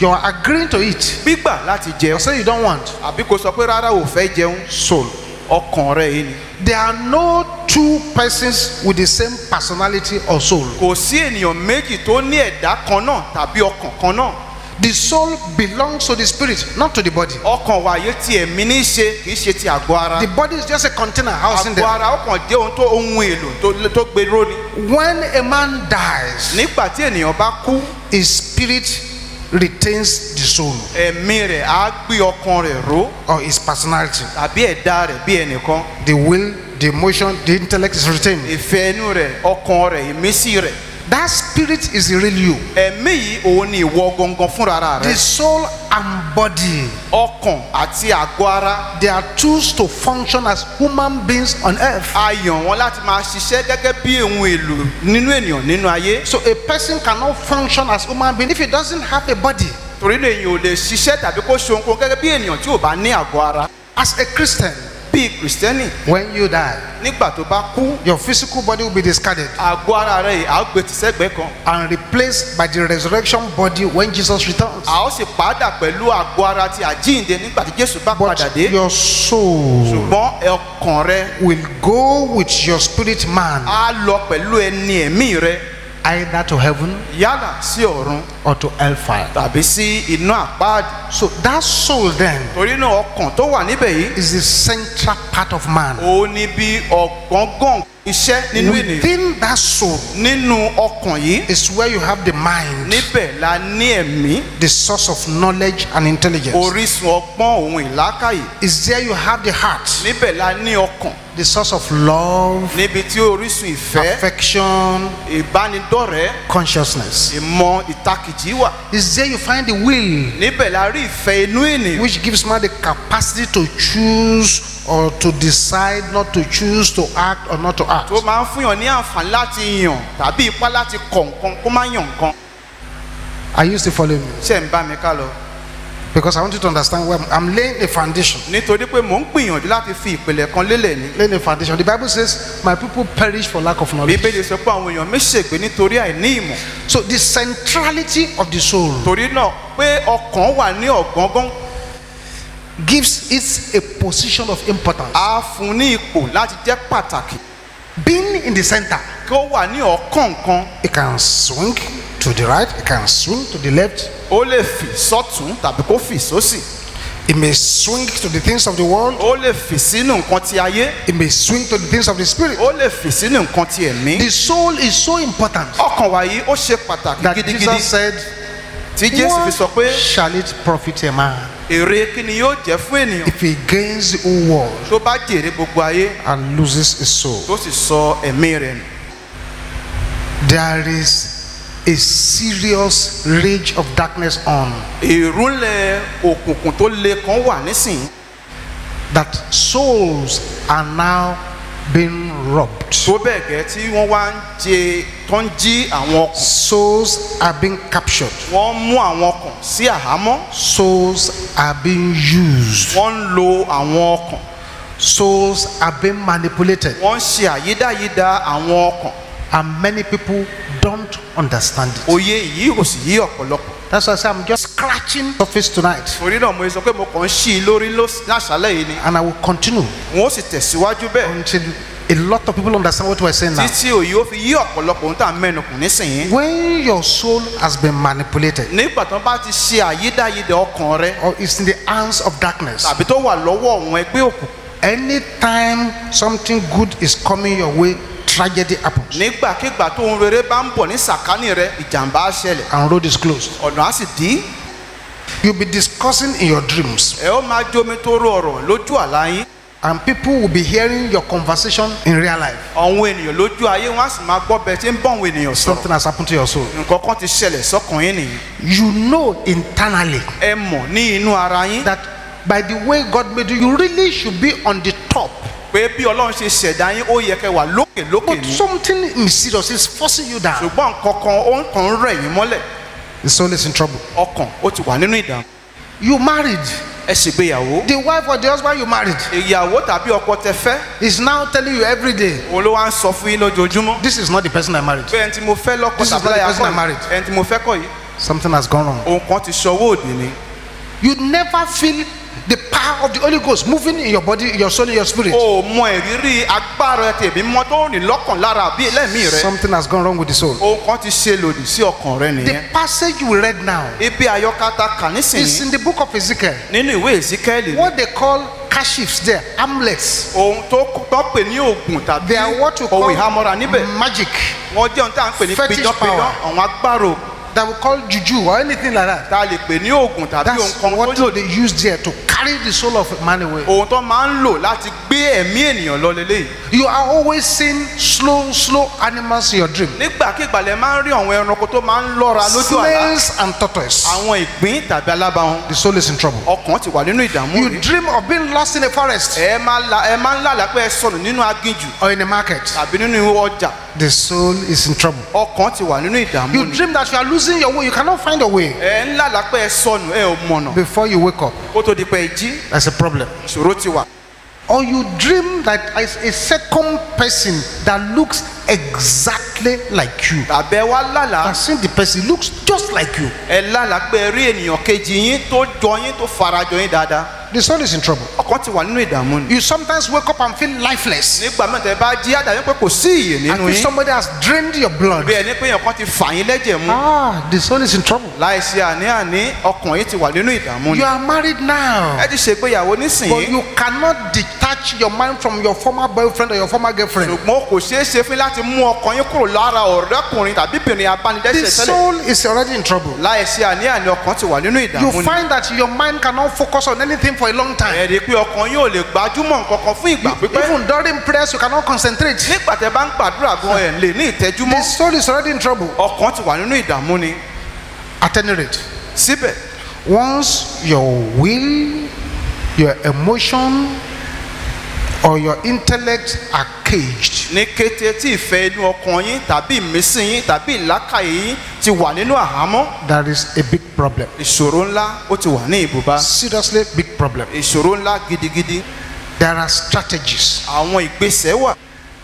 you are agreeing to eat. gbígbà láti jẹun. I say you don't want. àbí kò sọ pé rárá ò fẹ́ jẹun. soul. ọkàn rẹ yìí ni. there are no two persons with the same personality or soul. kò sí ènìyàn méjì tó ní ẹ̀dá kan náà tàbí ọkàn kan náà. the soul belongs to the spirit not to the body. ọkàn wa yóò ti ẹ̀mí ní í ṣe kì í ṣe ti àgọ́ ara. the body is just a container housing them. àgọ́ ara ọkàn jẹ́ ohun tó ohun èlò tó gbèrò ni. when a man dies. nígbà tí ènìyàn bá kú. his spirit retains the soul. ẹ̀mí rẹ̀ á gbé ọkàn rẹ̀ ró. or his personality. àbí ẹ̀dá rẹ̀ bí ẹnìkan. the will the emotion the intellect is retained. ìfẹ́ inú rẹ̀ ọkàn rẹ̀ ìmísí rẹ̀ that spirit is really you. ẹ̀mí yìí òun ni ìwọ gangan fúnra rẹ. the soul and body. ọkàn àti àgọ́ ara. they are tools to function as human beings on earth. a yàn wọn láti máa ṣiṣẹ́ gẹ́gẹ́ bí ohun èlò nínú ènìyàn nínú ayé. so a person cannot function as human being if he doesn't have a body. torí lèyìn ò lè ṣiṣẹ́ tàbí kó ṣe ohunkóhun gẹ́gẹ́ bí ènìyàn tí ò bá ní àgọ́ ara. as a christian bíi kristẹni. when you die. nígbà tó bá kú. your physical body will be discarded. àgọ́ ara rẹ̀ à ó gbé tìṣẹ́gbẹ́ kan. and replaced by the resurrection body when Jesus returns. a sì padà pẹ̀lú àgọ́ ara ti àjíǹde nígbà tí Jésù bá padà dé. but your soul. ṣùgbọ́n ọkàn rẹ. will go with your spirit man. a lọ pẹ̀lú ẹni ẹ̀mí rẹ either to heaven. yálà sí ọ̀run. or to hellfire. tàbí sí inú àpáàdì. so that soul then. torí náà ọkàn tó wà níbẹ̀ yìí. is the central part of man. ó ní bí ọ̀gángán iṣẹ́ nínú ènìyàn. within that soul. nínú ọkàn yìí. is where you have the mind. níbẹ̀ la ní ẹ̀mí. the source of knowledge and intelligence. orísun ọgbọ́n òun ìlàkàyè. is there you have the heart. níbẹ̀ la ní ọkàn the source of love. níbi tí orísun ìfẹ́. affection. ìbánidọ́rẹ̀ẹ́. consciousness. ìmọ̀ ìtakìjì wà. is there you find the will. níbẹ̀ la rí ìfẹ́ inú ènìyàn. which gives man the capacity to choose or to decide not to choose to act or not to act. tó máa ń fún yàn ní àǹfààní láti yàn tàbí ipá láti kọ̀ kó má yàn nǹkan. are you still following me. ṣé ń bá mi ká lọ because I want you to understand where I'm laying a foundation. Nítorí pé mò ń gbìyànjú láti fi ìpìlẹ̀ kan lélẹ̀ ni. Laying a foundation. The Bible says my people perish for lack of knowledge. Bíbélì sọ pé àwọn èèyàn mi ṣègbé nítorí àìní ìmọ̀. So the centrality of the soul. Torí náà pé ọkàn wà ní ọ̀gángán. Gives it a position of importance. A fún ní ipò láti jẹ́ pàtàkì. Being in the center. Kí ó wà ní ọ̀kọ̀ọ̀kan. It can swing to the right it can swing to the left. ó lè fì sọ́tún tàbí kó fì sósì. It may swing to the things of the world. Ó lè fì sínú nǹkan ti ayé. It may swing to the things of the spirit. Ó lè fì sínú nǹkan ti ẹ̀mí. The soul is so important. Ọkàn wa yìí ó ṣe pàtàkì gidigidi. That Jesus said, tí Jésù fi sọ pé. What shall it profit a man? Èrè kí ni yóò jẹ́ fún ènìyàn? If he gains the whole world. Tó bá jèrè gbogbo ayé. And loses his soul. Tó sì sọ ẹ̀mí rẹ̀ nù. There is a serious rage of darkness on. ìrúnlẹ̀ òkùnkùn tó le kan wà nísìnyí. that souls are now being robbed. tó bẹ́ẹ̀ gẹ́ tí wọ́n wá ń jẹ tó ń jí àwọn ọkàn. souls are being captured. wọ́n mú àwọn ọkàn sí àhámọ́. souls are being used. wọ́n ń lo àwọn ọkàn. souls are being manipulated. wọ́n ṣe àyídáyídá àwọn ọkàn and many people don't understand it. òye yìí kò sì yí ọ̀pọ̀lọpọ̀. that's why I say I'm just scratching surface tonight. orí náà mo sọ pé mo kàn ń ṣí i lórí lásàlẹ̀ yìí ni. and I will continue. n sì tẹ̀síwájú bẹ́ẹ̀. until a lot of people understand what we are saying now. títí òye ó fi yí ọ̀pọ̀lọpọ̀ ohun tá à mẹ́nu kù nísìnyí. when your soul has been manipulated. nígbà tó bá ti ṣe àyídáyidẹ ọkàn rẹ. or it's in the hands of darkness. tàbí tó wà lọ́wọ́ àwọn ẹgbẹ́ òkùnkùn. anytime something good is coming your way tragedy happens. nígbàkigbà tó ohun rere bá ń bọ̀ ní sàkání rẹ ìjàmbá ṣẹlẹ̀. and road is closed. ọ̀nà á sì dí. you be discussing in your dreams. ẹ ó máa jómi tó rọ ọ̀rọ̀ lójú àlá yín. and people will be hearing your conversation in real life. ọ̀hun ènìyàn lójú ayé wọn á sì máa gbọ́ bẹ́ẹ̀ tí ń bọ̀ ọ̀hun ènìyàn sọ̀rọ̀. something has happened to your soul. nǹkan kan ti ṣẹlẹ̀ sọ́kàn yín nìyí. you know internally. ẹ mọ̀ ní inú ara yín. that by the way God made you you really should be on the top pé bí ọlọ́run ṣe ṣẹ̀dá yín ó yẹ kẹ́ wà lókè lókè ni. but something mysterious is forcing you down. ṣùgbọ́n kankan ó ń kàn ń rẹ̀ yín mọ́lẹ̀. the soul is in trouble. ọkàn ó ti wà nínú ìdààmú. you married ẹ sì gbéyàwó. the wife or the husband you married. ìyàwó tàbí ọkọ tẹ fẹ́. is now telling you every day. olówó à ń sọ fún yín lójoojúmọ́. this is not the person I married. bẹ́ẹ̀ ni mo fẹ́ lọ́kọ tàbí láyà kọ́ something has gone wrong. òun kan ti sọ owó òdì ni. you never feel the power of the holy ghost moving in your body your soul your spirit. o mọ ìrírí agbára tèmi mọ tó rìn lọ́kàn lára àbí ẹlẹ́mìí rẹ. something has gone wrong with the soul. ohun kan ti ṣe lòdì sí ọkàn rẹ nìyẹn. the passage you read now. ibi àyọkata kà nísìnyí. is in the book of ezekiel. nínú ìwé ezekiel. what they call kashifs there amulets. ohun tó tó pè ní oògùn tàbí they are what you call magic. wọ́n jẹ́ ohun tí a ń pè ní pidánpidán àwọn agbára oògùn that we call juju or anything like that. tá a lè pè ní oògùn tàbí ohun kan. that's what do they use there to carry the soul of man away. ohun tó máa ń lò láti gbé ẹ̀mí ènìyàn lọ lélẹ́yìí. you are always seeing slow slow animals in your dream. nígbàkigbà lẹ máa ń rí àwọn ẹranko tó máa ń lọ́ra lójú àlá. snails and tortoise. àwọn ìgbín tàbí alábàáhùn. the soul is in trouble. ọkàn ti wà nínú ìdààmú rẹ. you dream of being lost in a forest. ẹ máa la ẹ máa ń lálàá pé ẹ sọnù nínú aginjù. or in a market. tàbí nínú ọjà. the soul is in trouble. ọkàn ti wà nínú ìdààmú rẹ. you dream that you are losing losing your way you cannot find a way. before you wake up. that's a problem. or you dream that a second person that looks exactly like you. àbẹ̀ wa lálàá. and seen the person looks just like you. ẹ lálàá pé rí ènìyàn kejì yín tó jọ yín tó farajọ yín dáadáa. the soul is in trouble. ọkàn ti wà nínú ìdààmú ni. you sometimes wake up and feel lifeless. nígbà mẹ́ta ẹ bá jí àdàbí pé kò sí ìyè nínú yín. and if somebody has drained your blood. bí ẹni pé èèyàn ti fà yín lẹ́jẹ̀ mu. ah the soul is in trouble. láìsí àní-àní ọkàn yín ti wà nínú ìdààmú ni. you are married now. ẹ ti ṣègbéyàwó nísìnyí. but you cannot detach your mind from your former boyfriend or your former girlfriend. ṣùgbọ́n kò ṣeé ṣe fún láti ti mú ọkàn yín kúrò lára ọ̀rẹ́kùnrin tàbí obìnrin abánidẹ́sẹ̀ tẹ́lẹ̀. the soul is already in trouble. láìsí àní-àní ọkàn ti wà nínú ìdààmú ni. you find that your mind cannot focus on anything for a long time. ẹ̀rí pé ọkàn yóò lè gbajúmọ̀ nǹkankan fún ìgbà pípẹ́. even during prayers you cannot concentrate. nígbà tẹ bá ń gbàdúrà gan ẹ̀ lè ní ìtẹ́júmọ́. the soul is already in trouble. ọkàn ti wà nínú ìdààmú ni. at síbẹ̀. once your will your emotion or your intellect are caged. ní kété tí ìfẹ́ inú ọkàn yín tàbí ìmísí yín tàbí ìlàkàyè yín ti wà nínú àhámọ́. that is a big problem. ìṣòro ńlá ó ti wà ní ibùba. seriously big problem. ìṣòro ńlá gidigidi. there are strategies. àwọn ìgbésẹ̀ wà.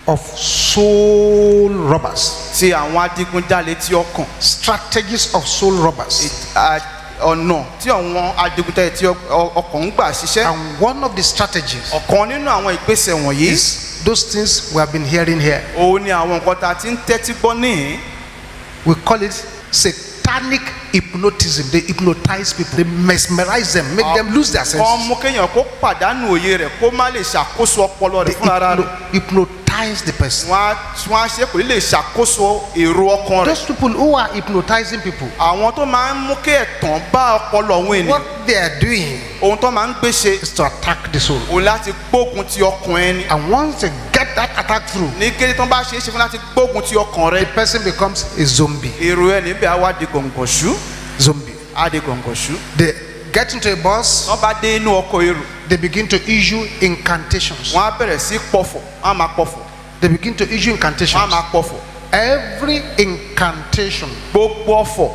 of soul robbers. ti àwọn adigunjalè ti ọkàn. strategies of soul robbers. Uh, ọ̀nà tí àwọn adigunjalè tí ọkọ̀ ń gbà ṣiṣẹ́. and one of the strategies. ọ̀kan nínú àwọn ìgbésẹ̀ wọ̀nyí. is those things we have been hearing here. òun ni àwọn nǹkan tá a ti ń tẹ́tí gbọ́ níhìn. we call it satanic hypnotism they hypnotize people they mesmerize them make them lose their senses. wọ́n mú kó pàdánù òye rẹ̀ kó má lè ṣàkóso ọpọlọ rẹ̀ fúnra rẹ̀ hypnotize the person. wọ́n á wọ́n á ṣe kò ní lè ṣàkóso èrò ọkàn rẹ̀. those people who are hypnotizing people. àwọn tó máa ń mú kí ẹ̀tàn bá ọpọlọ òun ènìyàn. what they are doing. ohun tó máa ń gbé ṣe. is to attack the soul. òun láti gbógun ti ọkàn ẹni. and once they get that attack through. ní kété tó ń bá ṣe é ṣe fún láti gbógun ti ọkàn rẹ. the person becomes a zombie. èrò ẹni bí wá di gọ̀ǹgọ̀ṣú. zombie. a di gọ̀ǹgọ̀ṣú. they get into a bus. wọ́n bá dé inú ọkọ̀ èrò. they begin to issue incantations. wọ́n á bẹ̀rẹ̀ sí pọ̀fọ̀ wọ́n á máa pọ̀fọ̀ they begin to issue incantations. wọ́n á máa pọ̀ fọ̀. every incantation. gbogbo ọ̀fọ̀.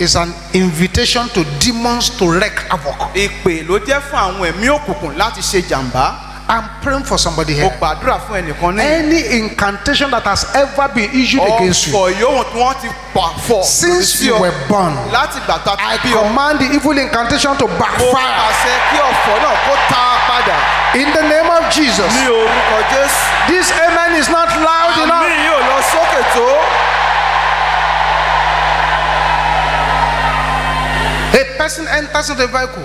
is an invitation to demons to wreak havoc. ìpè ló jẹ́ fún àwọn ẹ̀mí òkùnkùn láti ṣe jàǹbá. I'm praying for somebody here. Any incantation that has ever been issued oh, against you. Ọ̀pọ̀ yòówù Since you were born. I command the evil incantation to backfire. In the name of Jesus. This amen is not loud enough. A person enters the vehicle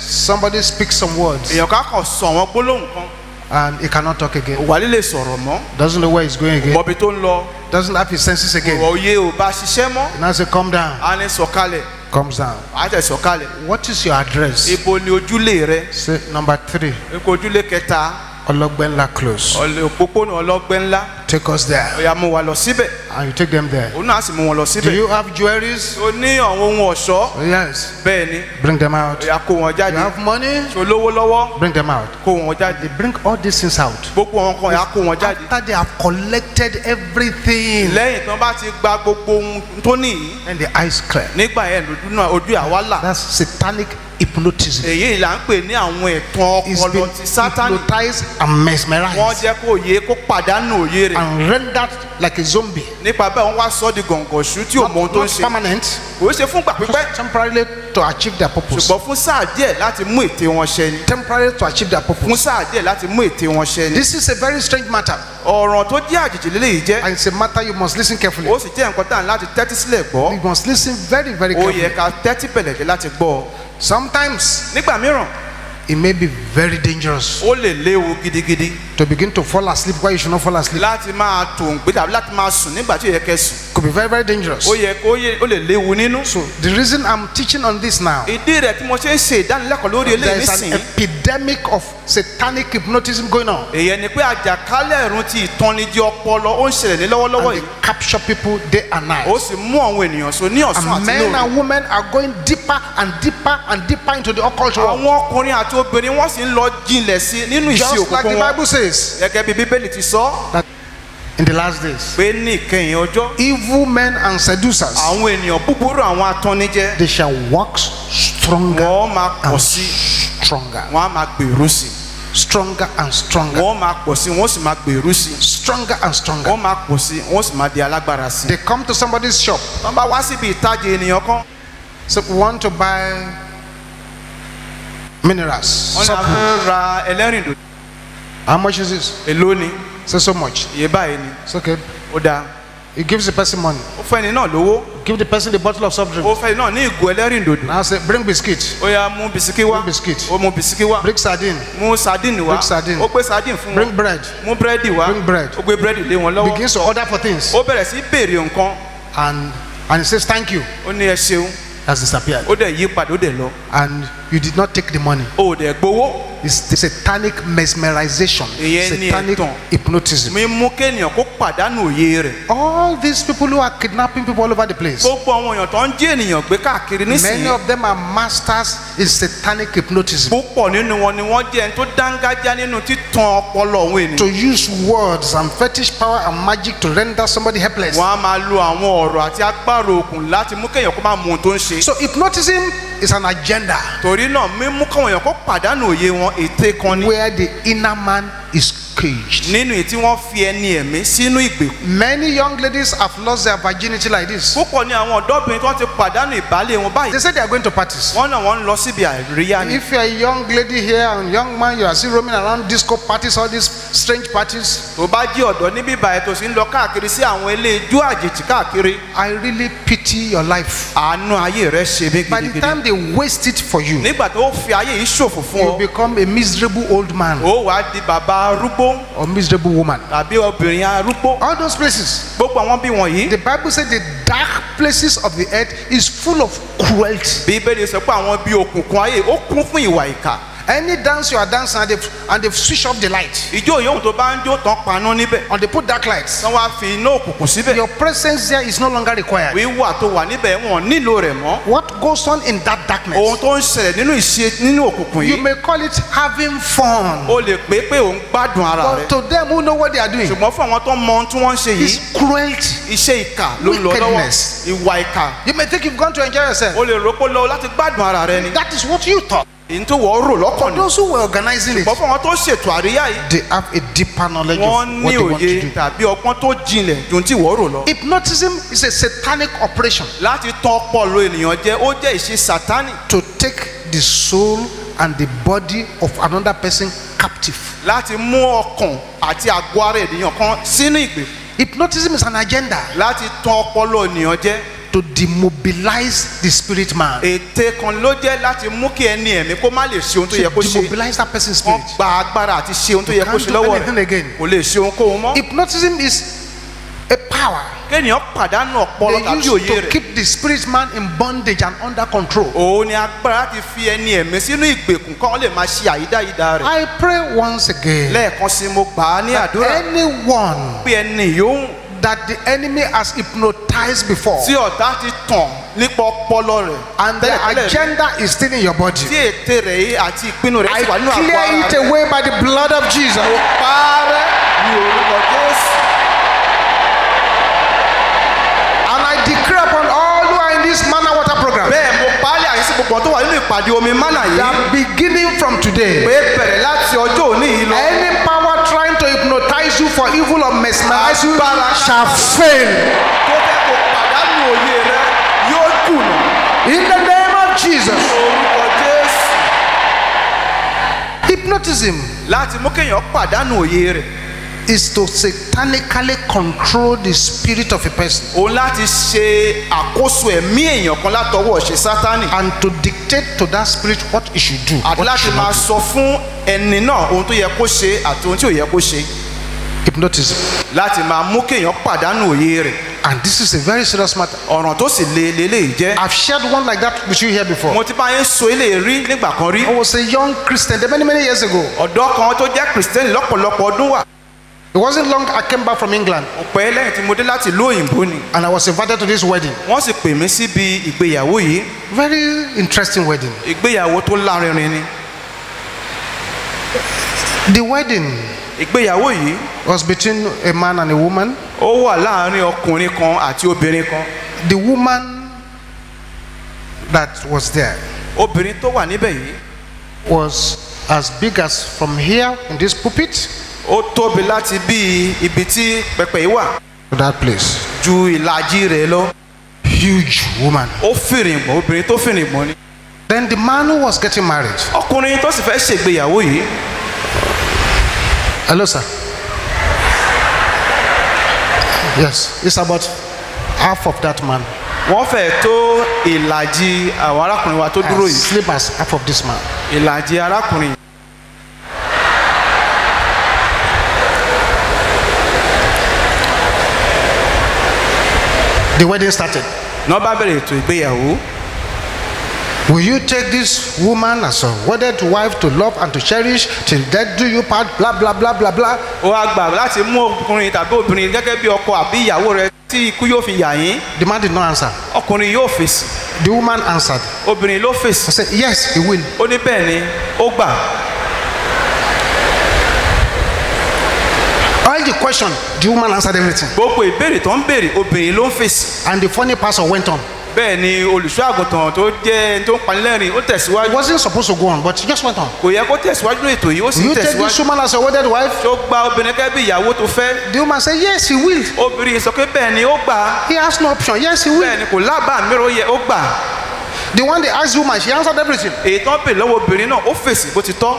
somebody speaks some words. èèyàn ká kàn sọ àwọn gbólóhùn kan. and he cannot talk again. òwàlí lè sọ̀rọ̀ mọ́. doesn't know where he's going again. mọ̀bi tó ń lọ. doesn't have his senses again. òwò yé o bá ṣiṣẹ́ mọ́. now say come down. a ní sọ̀kalẹ̀. comes down. a tẹ̀ sọ̀kalẹ̀. what is your address? ibo ni ojúlé rẹ. say number three. eko ojúlé kẹta. ọlọgbẹ́ close. òpópónà ọlọgbẹ́ take us there. ó yá wa lọ síbẹ̀. and you take them there. òun náà sì mú wọn lọ síbẹ̀. do you have jewelries. o ní àwọn ohun ọ̀ṣọ́. yes. bẹ́ẹ̀ bring them out. ó kó wọn jáde. you have money. ṣe olówó lọ́wọ́. bring them out. kó wọn jáde. they bring all these things out. gbogbo àwọn kan ó kó wọn jáde. after they have collected everything. lẹ́yìn tí bá ti gba gbogbo ohun tó nìyí. and the eyes clear. nígbà yẹn lójú náà ojú àwa là. that's satanic hypnotism. èyí là ń pè ní àwọn ẹ̀tàn ọpọlọ ti sátani. he's been hypnotized and mesmerized. wọ́n jẹ́ kó yé kó pàdánù and rendered like a zombie. nípa bẹ́ẹ̀ wọ́n wá sọ di gọ̀ǹgọ̀ ṣú tí ò mọ ohun tó ń ṣe. not permanent. kò ṣe fún ìgbà pípẹ́. temporarily to achieve their purpose. ṣùgbọ́n fún sáà díẹ̀ láti mú ète wọn ṣẹ ni. temporarily to achieve their purpose. fún sáà díẹ̀ láti mú ète wọn ṣẹ ni. this is a very strange matter. ọ̀ràn tó jẹ́ àjèjì lélẹ́yìí jẹ́. and it's a matter you must listen carefully. ó sì jẹ́ nǹkan tá à ń láti tẹ́tí sílẹ̀ gbọ́. you must listen very very carefully. ó yẹ ká tẹ́tí pẹ̀lẹ́jẹ́ láti gbọ́. sometimes. nígbà mìíràn it may be very dangerous. ó lè léwu gidigidi. to begin to fall asleep why you should not fall asleep. láti máa tò ń láti máa sùn nígbà tí ó yẹ kẹ́ sùn. could be very very dangerous. ó yẹ ó yẹ ó lè léwu nínú. so the reason i'm teaching on this now. ìdí rẹ̀ tí mo ṣe ń ṣe ìdánilẹ́kọ̀ọ́ lórí eléyìí nísìnyí. there is an epidemic of satanic hypnotism going on. èyẹ ni pé àjàkálẹ̀ ẹ̀rùn ti ìtọ́nijì ọpọlọ ó ń ṣẹlẹ̀ ní lọ́wọ́lọ́wọ́ yìí. and they capture people day and night. ó sì mú àwọn ènìyàn so ní ọ̀sán àti lóru. and men and women are going deeper and deeper and deeper into the occult world. àwọn ọkùnrin àti obìnrin wọ́n sì ń lọ jinlẹ̀ sí nínú ìsì òkùnkùn wọn. just like the bible says. gẹ́gẹ́ bí bíbélì ti sọ. in the last days. pé ní ìkẹyìn ọjọ́. evil men and seducers. àwọn ènìyàn búburú àwọn atọ́nijẹ́. they shall walk stronger and, and stronger. wọ́n á máa gbèrú sí stronger and stronger. wọ́n máa pọ̀ sí wọ́n sì máa gbèrú sí. stronger and stronger. wọ́n máa pọ̀ sí wọ́n sì máa di alágbára sí. they come to somebody's shop. wọ́n bá wá síbi ìtajà ènìyàn kan. so we want to buy minerals. wọn náà fẹ́ ra ẹlẹ́rìndòdò. how much is this. èló ni. say so much. iye báyìí ni. it's okay. ó dáa. he gives the person money. ó fẹ́ ni náà lówó. give the person the bottle of soft drink. ó fẹ́ ni náà ní ìgò ẹlẹ́rìndòdò. now say bring biscuit. ó yá mú bisikí wá. mú bisikit. ó mú bisikí wá. bring sardine. mú sardine wá. bring sardine. ó gbé sardine fún wọn. bring bread. mú búrẹ́dì wá. bring bread. ó gbé búrẹ́dì lé wọn lọ́wọ́. begins to order for things. ó bẹ̀rẹ̀ sí béèrè nǹkan. and and he says thank you. ó ní ẹ ṣeun. has disappeared. ó dẹ̀ yí padà ó dẹ̀ lọ. and you did not take the money. Oh, the gbowó. it's the satanic mesmerization. satanic hypnotism. mi mú kéèyàn kó pàdánù òye rẹ̀. all these people who are kidnapping people all over the place. gbogbo àwọn èèyàn tó ń jí ènìyàn gbé káàkiri nísìnyí. many of them are masters in satanic hypnotism. púpọ̀ nínú wọn ni wọ́n jẹ́ ẹni tó dángájá nínú títan ọpọlọ òun ènìyàn. to use words and fetish power and magic to render somebody helpless. wọ́n á máa lo àwọn ọ̀rọ̀ àti agbára òkun láti mú kéèyàn kó máa mú un tó ń ṣe. so hypnotism is an agenda. torí náà mímú káwọn èèyàn kó pàdánù òye wọn ète kan ni. where the inner man is caged. Many young ladies have lost their virginity like this. They say they are going to parties. One-on-one, ń be a àríyá If you are a young lady here and young man you are still roaming around disco parties all these strange parties. I really pity your life. By the time they waste it for you. Nígbà You become a miserable old man. bàbá arúgbó. or miserable woman. tàbí obìnrin arúgbó. all those places. gbogbo àwọn bí wọ̀nyí. the bible said the dark places of the earth is full of cruelty. bíbélì sọ pé àwọn ibi òkùnkùn ayé ó kún fún ìwà ìkà any dance you are dancing and they and they switch off the light. ìjó yòówù tó bá ń jó tán paná níbẹ̀. and they put dark light. wọ́n wá fi iná òkùnkùn síbẹ̀. your presence there is no longer required. wíwà tó wà níbẹ̀ wọn nílò rẹ̀ mọ́. what goes on in that darkness. ohun tó ń ṣẹlẹ̀ nínú ìṣe nínú òkùnkùn yìí. you may call it having fun. o lè pé pé òun gbádùn ara rẹ. but to them who know what they are doing. ṣùgbọ́n fún àwọn tó mọ ohun tí wọ́n ń ṣe yìí. is cruelty. iṣẹ́ ìkà ló ń lọ lọ́wọ́ ìwà ìkà. you may think you have gone to enjoy yourself. o lè rò that is what you thought èyí tó wọ́n rò lọ́kàn ni. those who were organizing it. ṣùgbọ́n fún wọn tó ṣètò àríyá yìí. they have a deeper knowledge of what they want to do. wọ́n ní òye tàbí ọgbọ́n tó jinlẹ̀ ju ti wọ́n rò lọ. hypnotism is a satanic operation. láti tọ́ ọpọlọ ènìyàn jẹ́ ó jẹ́ ìṣe satani. to take the soul and the body of another person captive. láti mú ọkàn àti àgọ́ ara ènìyàn kan sínú ìgbè. hypnotism is an agenda. láti tọ́ ọpọlọ ènìyàn jẹ́ to demobilize the spirit man. ète kan ló jẹ́ láti mú kí ẹni ẹ̀mí kó má lè ṣe ohun tó yẹ kó ṣe. to demobilize that person's spirit. wọ́n gba agbára àti ṣe ohun tó yẹ kó ṣe lọ́wọ́ rẹ̀ kò lè ṣe ohunkóhun mọ́. hypnotism is a power. kéèyàn pàdánù ọpọlọ tàbí òye rẹ̀. they use to keep the spirit man in bondage and under control. òun ni agbára ti fi ẹni ẹ̀mí sínú ìgbèkùn kan lè máa ṣe àyídáyídá rẹ̀. I pray once again. lẹ́ẹ̀kan sí mo gbà á ní àdúrà. anyone. pé ẹni yòówù that the enemy has hypnotized before. tí ọ̀tá ti tàn nípa ọpọlọ rẹ̀. and the agenda is still in your body. tí ète rẹ̀ yìí àti ìpinnu rẹ̀ ti wà nínú àpò ara rẹ̀. I clear it away by the blood of Jesus. mo parẹ́ ní orúkọ Jésù. and I declare upon all who are in this manna water program. bẹ́ẹ̀ mo paálẹ̀ àyín sí gbogbo tó wà nínú ìpàdé omi mánà yìí. that beginning from today. pé bẹ̀rẹ̀ láti ọjọ́ òní yìí lọ you for evil or mesmerize you. shall fail. in the name of Jesus. hypnotism. láti mú kéèyàn pàdánù is to satanically control the spirit of a person. òun láti ṣe àkóso ẹ̀mí èèyàn kan látọwọ́ ṣe sátani. and to dictate to that spirit what he should do. àti láti máa sọ fún ẹni náà ohun tó yẹ kó ṣe àti ohun tí ò yẹ kó ṣe hypnotism. láti máa mú kéèyàn pàdánù òye rẹ̀. and this is a very serious matter. ọ̀ràn tó sì le leléyìí jẹ́. I've shared one like that with you here before. mo ti bá yín sọ rí nígbà kan rí. I was a young Christian many many years ago. ọ̀dọ́ kan tó jẹ́ Christian lọ́pọ̀lọpọ̀ ọdún wà. It wasn't long I came back from England. ọ̀pẹ́ lẹ́yìn tí mo dé láti ìlú òyìnbó ni. and I was invited to this wedding. wọ́n sì pè mí síbi ìgbéyàwó yìí. very interesting wedding. ìgbéyàwó tó lárinrin ni. the wedding. ìgbéyàwó yìí was between a man and a woman. ó wà láàrin ọkùnrin kan àti obìnrin kan. the woman that was there. obìnrin tó wà níbẹ̀ yìí. was as big as from here in this pulpit. ó tóbi láti bí ibi tí pẹpẹ yìí wà. to that place. ju ìlàjì rẹ̀ lọ. huge woman. ó fìrìngbọ̀n obìnrin tó fìrìngbọ̀n ni. then the man who was getting married. ọkùnrin tó sì fẹ́ ṣègbéyàwó yìí. hello sir yes it's about half of that man. wọ́n fẹ́ tó ìlàjì àwọn arákùnrin wa tó dúró yìí. as half of this man. ìlàjì arákùnrin. the wedding started. ní wọ́n bá bẹ̀rẹ̀ ètò ìgbéyàwó. Will you take this woman as a wedded wife to love and to cherish till death do you part bla bla bla bla bla. O wa gbà láti mú ọkùnrin tàbí obìnrin gẹ́gẹ́ bí ọkọ àbí ìyàwó rẹ tí ikú yóò fi yà yín. The man did not answer. Ọkùnrin yóò fèsì. The woman answered. Obìnrin ló fèsì. I said yes he will. Ó ní bẹ́ẹ̀ ni ó gbà. all the question the woman answered everything. gbogbo ìbéèrè tó ń béèrè obìnrin ló ń fèsì. and the funny pastor went on bẹ́ẹ̀ ni olùṣọ́ àgùntàn tó jẹ́ tó ń panilẹ́rìn ó tẹ̀síwájú. it wasn't supposed to go on but he just went on. kò yẹ kó tẹ̀síwájú ní ètò yìí ó sì tẹ̀síwájú. you take this woman as a wedded wife. tó gba obìnrin gẹ́gẹ́ bí ìyàwó tó fẹ́. the woman say yes he will. obìnrin sọ pé bẹ́ẹ̀ ni ó gbà. he has no option yes he will. bẹ́ẹ̀ ni kò lábàá mìíràn ó ó gbà the one they asked woman she answered everything. èyí tó bè lọ́wọ́ obìnrin náà ó fèsì bó ti tọ́.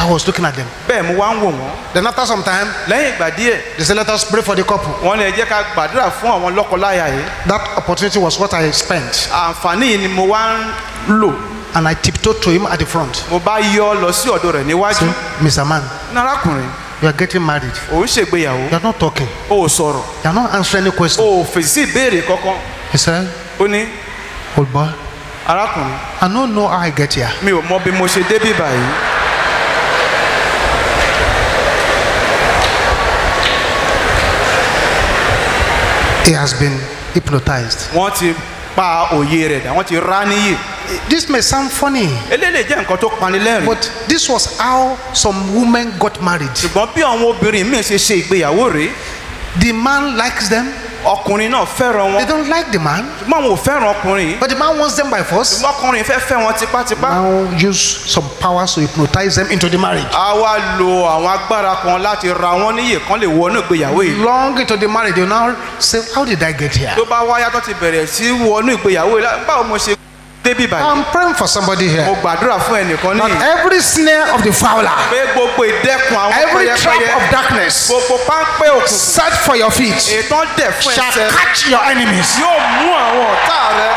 I was looking at them. bẹ́ẹ̀ mo wá ń wò wọ́n. then after some time. lẹ́yìn ìgbà díẹ̀. they say, let us pray for the couple. wọ́n lè jẹ́ ká gbàdúrà fún àwọn lọ́kọláya yìí. that opportunity was what I spent. àǹfààní yìí ni mo wá ń lò. and I tiptoed to him at the front. mo bá yọ lọ sí ọ̀dọ̀ rẹ̀ níwájú. Mr. Man. narakùnrin you are getting married. o ń ṣègbéyàwó. you are not talking. o ò sọ̀rọ̀. you are not answering any question. o ò fèsì ìbéèrè kankan. he said. ó ní. old boy arákùnrin. I don't know how I get here. mi ò mọ bí mo ṣe débí báyìí. he has been hypnotized. wọ́n ti pa òye rẹ̀ dà wọ́n ti rá níyì. this may sound funny. eléyìí jẹ́ nǹkan tó panilẹ́rìn. but this was how some women got married. ṣùgbọ́n bí àwọn obìnrin míì ṣe ṣe ìgbéyàwó rèé. the man likes them ọkùnrin náà fẹ́ràn wọn. they don't like the man. ṣùgbọ́n àwọn ò fẹ́ràn ọkùnrin. but the man wants them by force. ṣùgbọ́n ọkùnrin fẹ́ fẹ́ wọn tipátipá. now use some power to hypnotize them into the marriage. a wá lo àwọn agbára kan láti ra wọn níyè kan lè wọ inú ìgbéyàwó yìí. long into the marriage you now say how did I get here. tó bá wáyà tó ti bẹ̀rẹ̀ sí wọnú ìgbéyàwó yìí báwo mo ṣe débì báyìí. I'm praying for somebody here. Mo gbàdúrà fún ẹnìkan ní. That every snare of the fowler. Pé gbogbo ìdẹ́kun àwọn pẹyẹpẹyẹ. Every trap of darkness. Gbogbo páńpẹ́ òkùnkùn. Set for your feet. Ètò dẹ̀ fún ẹsẹ̀. Shall catch your enemies. Yóò mú àwọn ọ̀tá rẹ.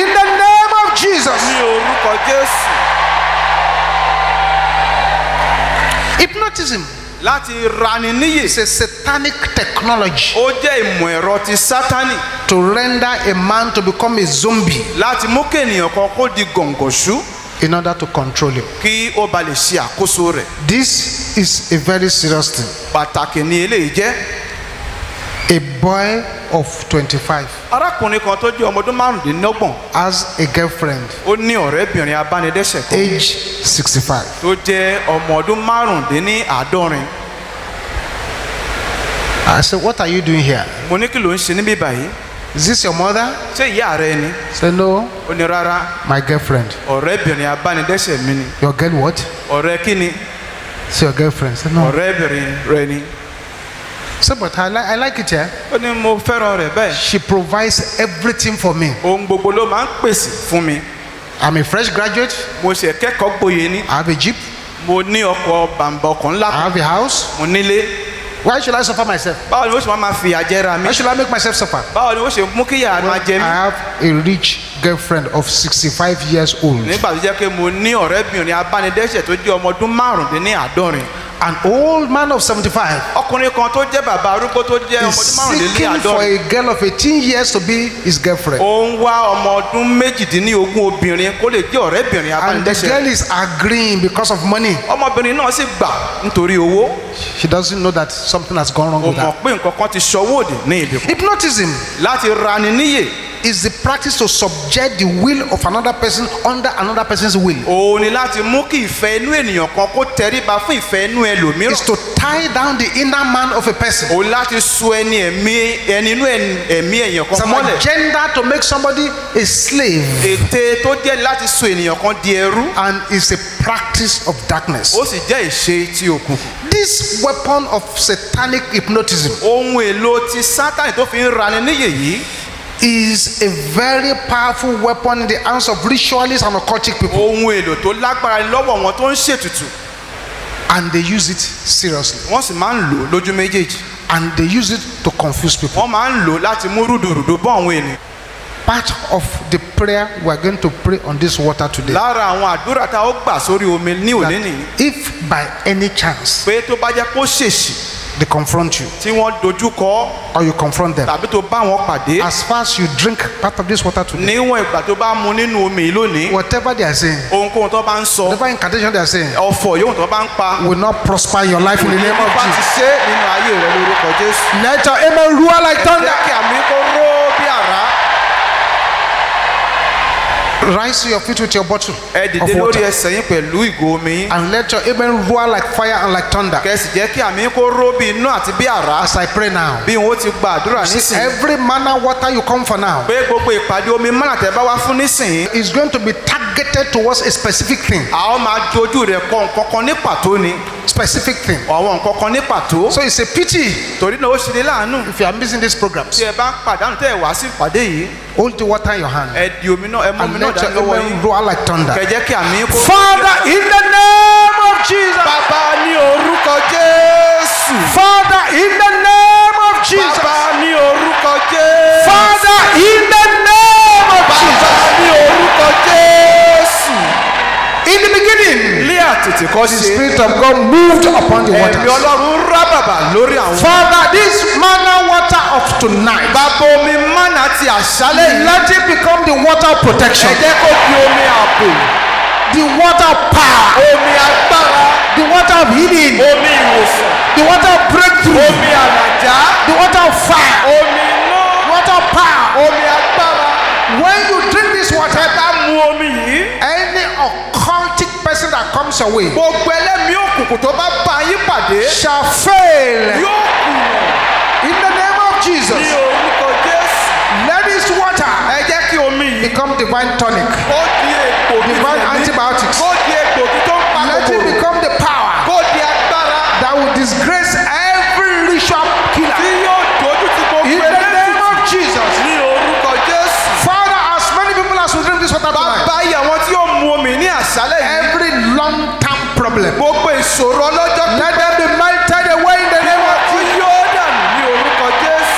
In the name of Jesus. Ní orúkọ Jésù. Hypnotism láti raniníyè. it's a satanic technology. ó jẹ́ ìmọ̀ ẹ̀rọ ti sátani. to render a man to become a zombie. láti mú kéènìyàn kan kó di gọ̀ǹgọ̀ṣú. in order to control him. kí ó ba lè ṣe àkóso rẹ̀. this is a very serious thing. pàtàkì ni eléyìí jẹ́ a boy of twenty-five. arákùnrin kan tó jẹ́ ọmọ ọdún márùndínlọ́gbọ̀n. has a girlfriend. ó ní ọ̀rẹ́bìnrin abánidẹ́sẹ̀ kan. age sixty-five. tó jẹ́ ọmọ ọdún márùndínláàádọ́rin. I said, what are you doing here? mo ní kí ló ń ṣe níbí báyìí. is this your mother? ṣé ìyá rẹ ni. say no. ó ní rárá. my girlfriend. ọ̀rẹ́bìnrin abánidẹ́sẹ̀ mi ni. your girl what? ọ̀rẹ́ kí ni. It's your girlfriend. say no. ọ̀rẹ́bìnrin rẹ ni. So, but i like i like it here. ó ní mo fẹ́ràn rẹ̀ bẹ́ẹ̀. she provides everything for me. ohun gbogbo ló máa ń pèsè fún mi. i'm a fresh graduate. mo ṣe kẹ́kọ̀ọ́ gboyè ní. i have a jeep. mo ní ọkọ̀ bàǹbà ọkọ̀ ńlá. i have a house. mo nílé. why should i suffer myself. báwo ni ó ṣe máa ma fi àjẹra mi. why should i make myself suffer. báwo ni ó ṣe mú kí ìyá máa jẹ mí. i have a rich girlfriend of sixty-five years old. nígbà tó jẹ́ pé mo ní ọ̀rẹ́bìnrin abánidẹ́sẹ̀ tó jẹ́ ọmọ ọdún márùndínláàádọ́rin an old man of seventy-five. ọkùnrin kan tó jẹ́ bàbá arúgbó tó jẹ́ ọmọ ọdún márùnlélẹ́ is seeking for a girl of eighteen years to be his girlfriend. ó ń wá ọmọ ọdún méjìdínlógún obìnrin kó lè jẹ́ ọ̀rẹ́bìnrin abánidẹ́sẹ̀. and the girl is agreeing because of money. ọmọbìnrin náà sì gbà nítorí owó. she doesn't know that something has gone wrong with her. ó mọ̀ pé nǹkan kan ti ṣọwọ́ òdì ní ibìkan. hypnotism. láti rani níyè is the practice to subject the will of another person under another person's will. òun ni láti mú kí ìfẹ́ inú ènìyàn kan kó tẹríba fún ìfẹ́ inú ẹlòmíràn. is to tie down the inner man of a person. òun láti so ẹni ẹ̀mí ẹni inú ẹ̀mí èèyàn kan mọ́lẹ̀. some agenda to make somebody a slave. ète tó jẹ́ láti so ènìyàn kan di ẹrú. and is a practice of darkness. ó sì jẹ́ ìṣe tí òkùnkùn this weapon of satanic hypnotism. ohun èlò ti sátani tó fi ń rani níyè yìí is a very powerful weapon in the hands of ritualists and occultic people. ohun èlò tó lágbára lọ́wọ́ wọn tó ń ṣètùtù. and they use it seriously. wọ́n sì máa ń lò ó lójú méjèèjì. and they use it to confuse people. wọ́n máa ń lò ó láti mú rúdurùdu bọ́ àwọn ènìyàn. part of the prayer we are going to pray on this water today. lára àwọn àdúrà tá a ó gbà sórí omi ní òní nìyí. if by any chance. pé tó bá jẹ́ kó ṣèṣì they confront you. tí wọ́n dojú kọ. or you confront them. tàbí tó bá wọn pàdé. as far as you drink part of this water today. níwọ̀n ìgbà tó bá mu nínú omi yìí lónìí. whatever they are saying. ohunkóhun tó bá ń sọ. whatever incantation they are saying. ọ̀fọ̀ yóò tó bá ń pa. will not prosper your life in the name of Jesus. ìwọ bá ti ṣe nínú ayé rẹ lórúkọ Jésù. let amen rule like thunder. jẹ́ kí àmì kó rọ. rise to your feet with your bottle. ẹ lórí ẹsẹ̀ yín pẹ̀lú ìgò omi. and let your amen roar like fire and like thunder. kẹ̀sì jẹ́ kí àmì kó ró bí iná àti bí àrá. as I pray now. bí n ó ti gba àdúrà nísìnyí. every manner water you come for now. pé gbogbo ìpàdé omi mọ́nà tẹ́ bá wá fún nísìnyí. is going to be targeted towards a specific thing. àwọn máa dojú rẹ̀ kọ ní pàtó ni specific thing. Àwọn nǹkan kan ní pàtó. So it's a pity. Torí náà ó ṣe ní láàánú. If you are missing these programs. Tí ẹ bá pàdánù tẹ́ ẹ wá sí ìpàdé yìí. Hold the water in your hand. Ẹ di omi náà ẹ mú omi náà dání lọ́wọ́ yín. And let your omi roar like thunder. Kẹ̀jẹ́ kí àmì kó. Father in the name of Jesus. Bàbá ní orúkọ Jésù. Father in the name of Jesus. Bàbá ní orúkọ Jésù. Father in àti kọ́ ṣe. the spirit of God moved upon the waters. ẹ̀mí ọlọ́run rábàbà lórí àwọn. father this manna water of tonight. bàbá omi manna ti àṣálẹ̀ yìí. let it become the water protection. ẹ jẹ́ kó omi ààbò. the water power. omi agbára. the water healing. omi ìwòsàn. the water breakthrough. omi àlàjá. the water fire. omi iná. water power. omi agbára. when you drink this water. ẹ bá mu omi yìí comes away. gbogbo ẹlẹ́mìí òkùnkùn tó bá bá yín pàdé. shall fail. yóò kùnà. in the name of Jesus. ní orúkọ Jésù. let this water. ẹ jẹ́ kí omi yìí. become divine tonic. ó di èpò. divine antibiotics. ó di èpò tó ń pa kòkòrò. let it become. ṣòro ọlọ́jọ́ kan. let them be melted away in the name of Jesus. ìwọ tí ní orúkọ Jésù.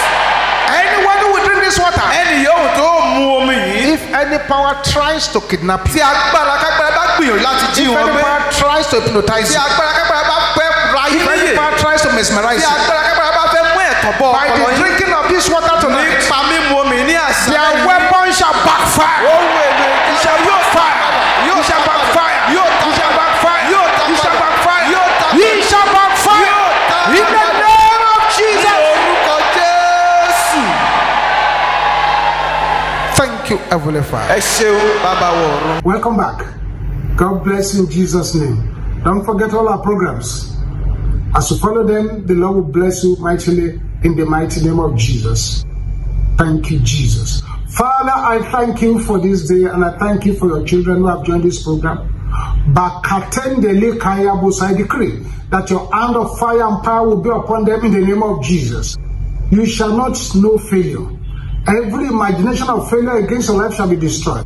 anyone who will drink this water. ẹni yóò tó mu omi yìí. if any power tries to kidnap you. tí agbára kágbára bá gbìyànjú láti jí wọn gbé. if any power tries to hypnotize you. tí agbára kágbára bá fẹ́ ra if any power tries to mesmerize you. tí agbára kágbára bá fẹ́ mú ẹ̀kọ́ bọ̀ ọpọlọ by the drinking of this water tonight. nípa mímu omi ní àṣà. their weapon shall backfire. ohun èlò ìṣe yóò fire. you, Heavenly Father. Welcome back. God bless you in Jesus' name. Don't forget all our programs. As you follow them, the Lord will bless you mightily in the mighty name of Jesus. Thank you, Jesus. Father, I thank you for this day and I thank you for your children who have joined this program. I decree that your hand of fire and power will be upon them in the name of Jesus. You shall not know failure. Every imagination of failure against your life shall be destroyed.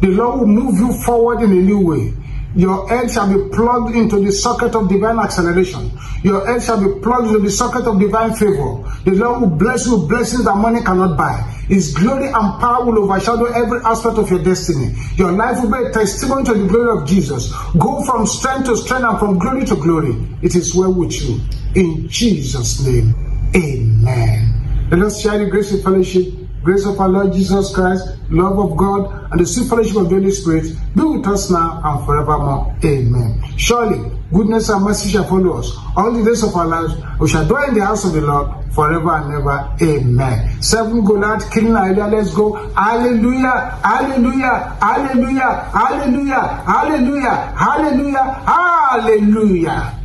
The Lord will move you forward in a new way. Your head shall be plugged into the socket of divine acceleration. Your head shall be plugged into the socket of divine favor. The Lord will bless you with blessings that money cannot buy. His glory and power will overshadow every aspect of your destiny. Your life will be a testimony to the glory of Jesus. Go from strength to strength and from glory to glory. It is well with you. In Jesus' name, amen. Let us share the grace of fellowship grace of our Lord Jesus Christ, love of God, and the sweet fellowship of the Holy Spirit be with us now and forevermore. Amen. Surely, goodness and mercy shall follow us all the days of our lives. We shall dwell in the house of the Lord forever and ever. Amen. Seven go out, killing idea. Let's go. Hallelujah. Hallelujah. Hallelujah. Hallelujah. Hallelujah. Hallelujah. Hallelujah.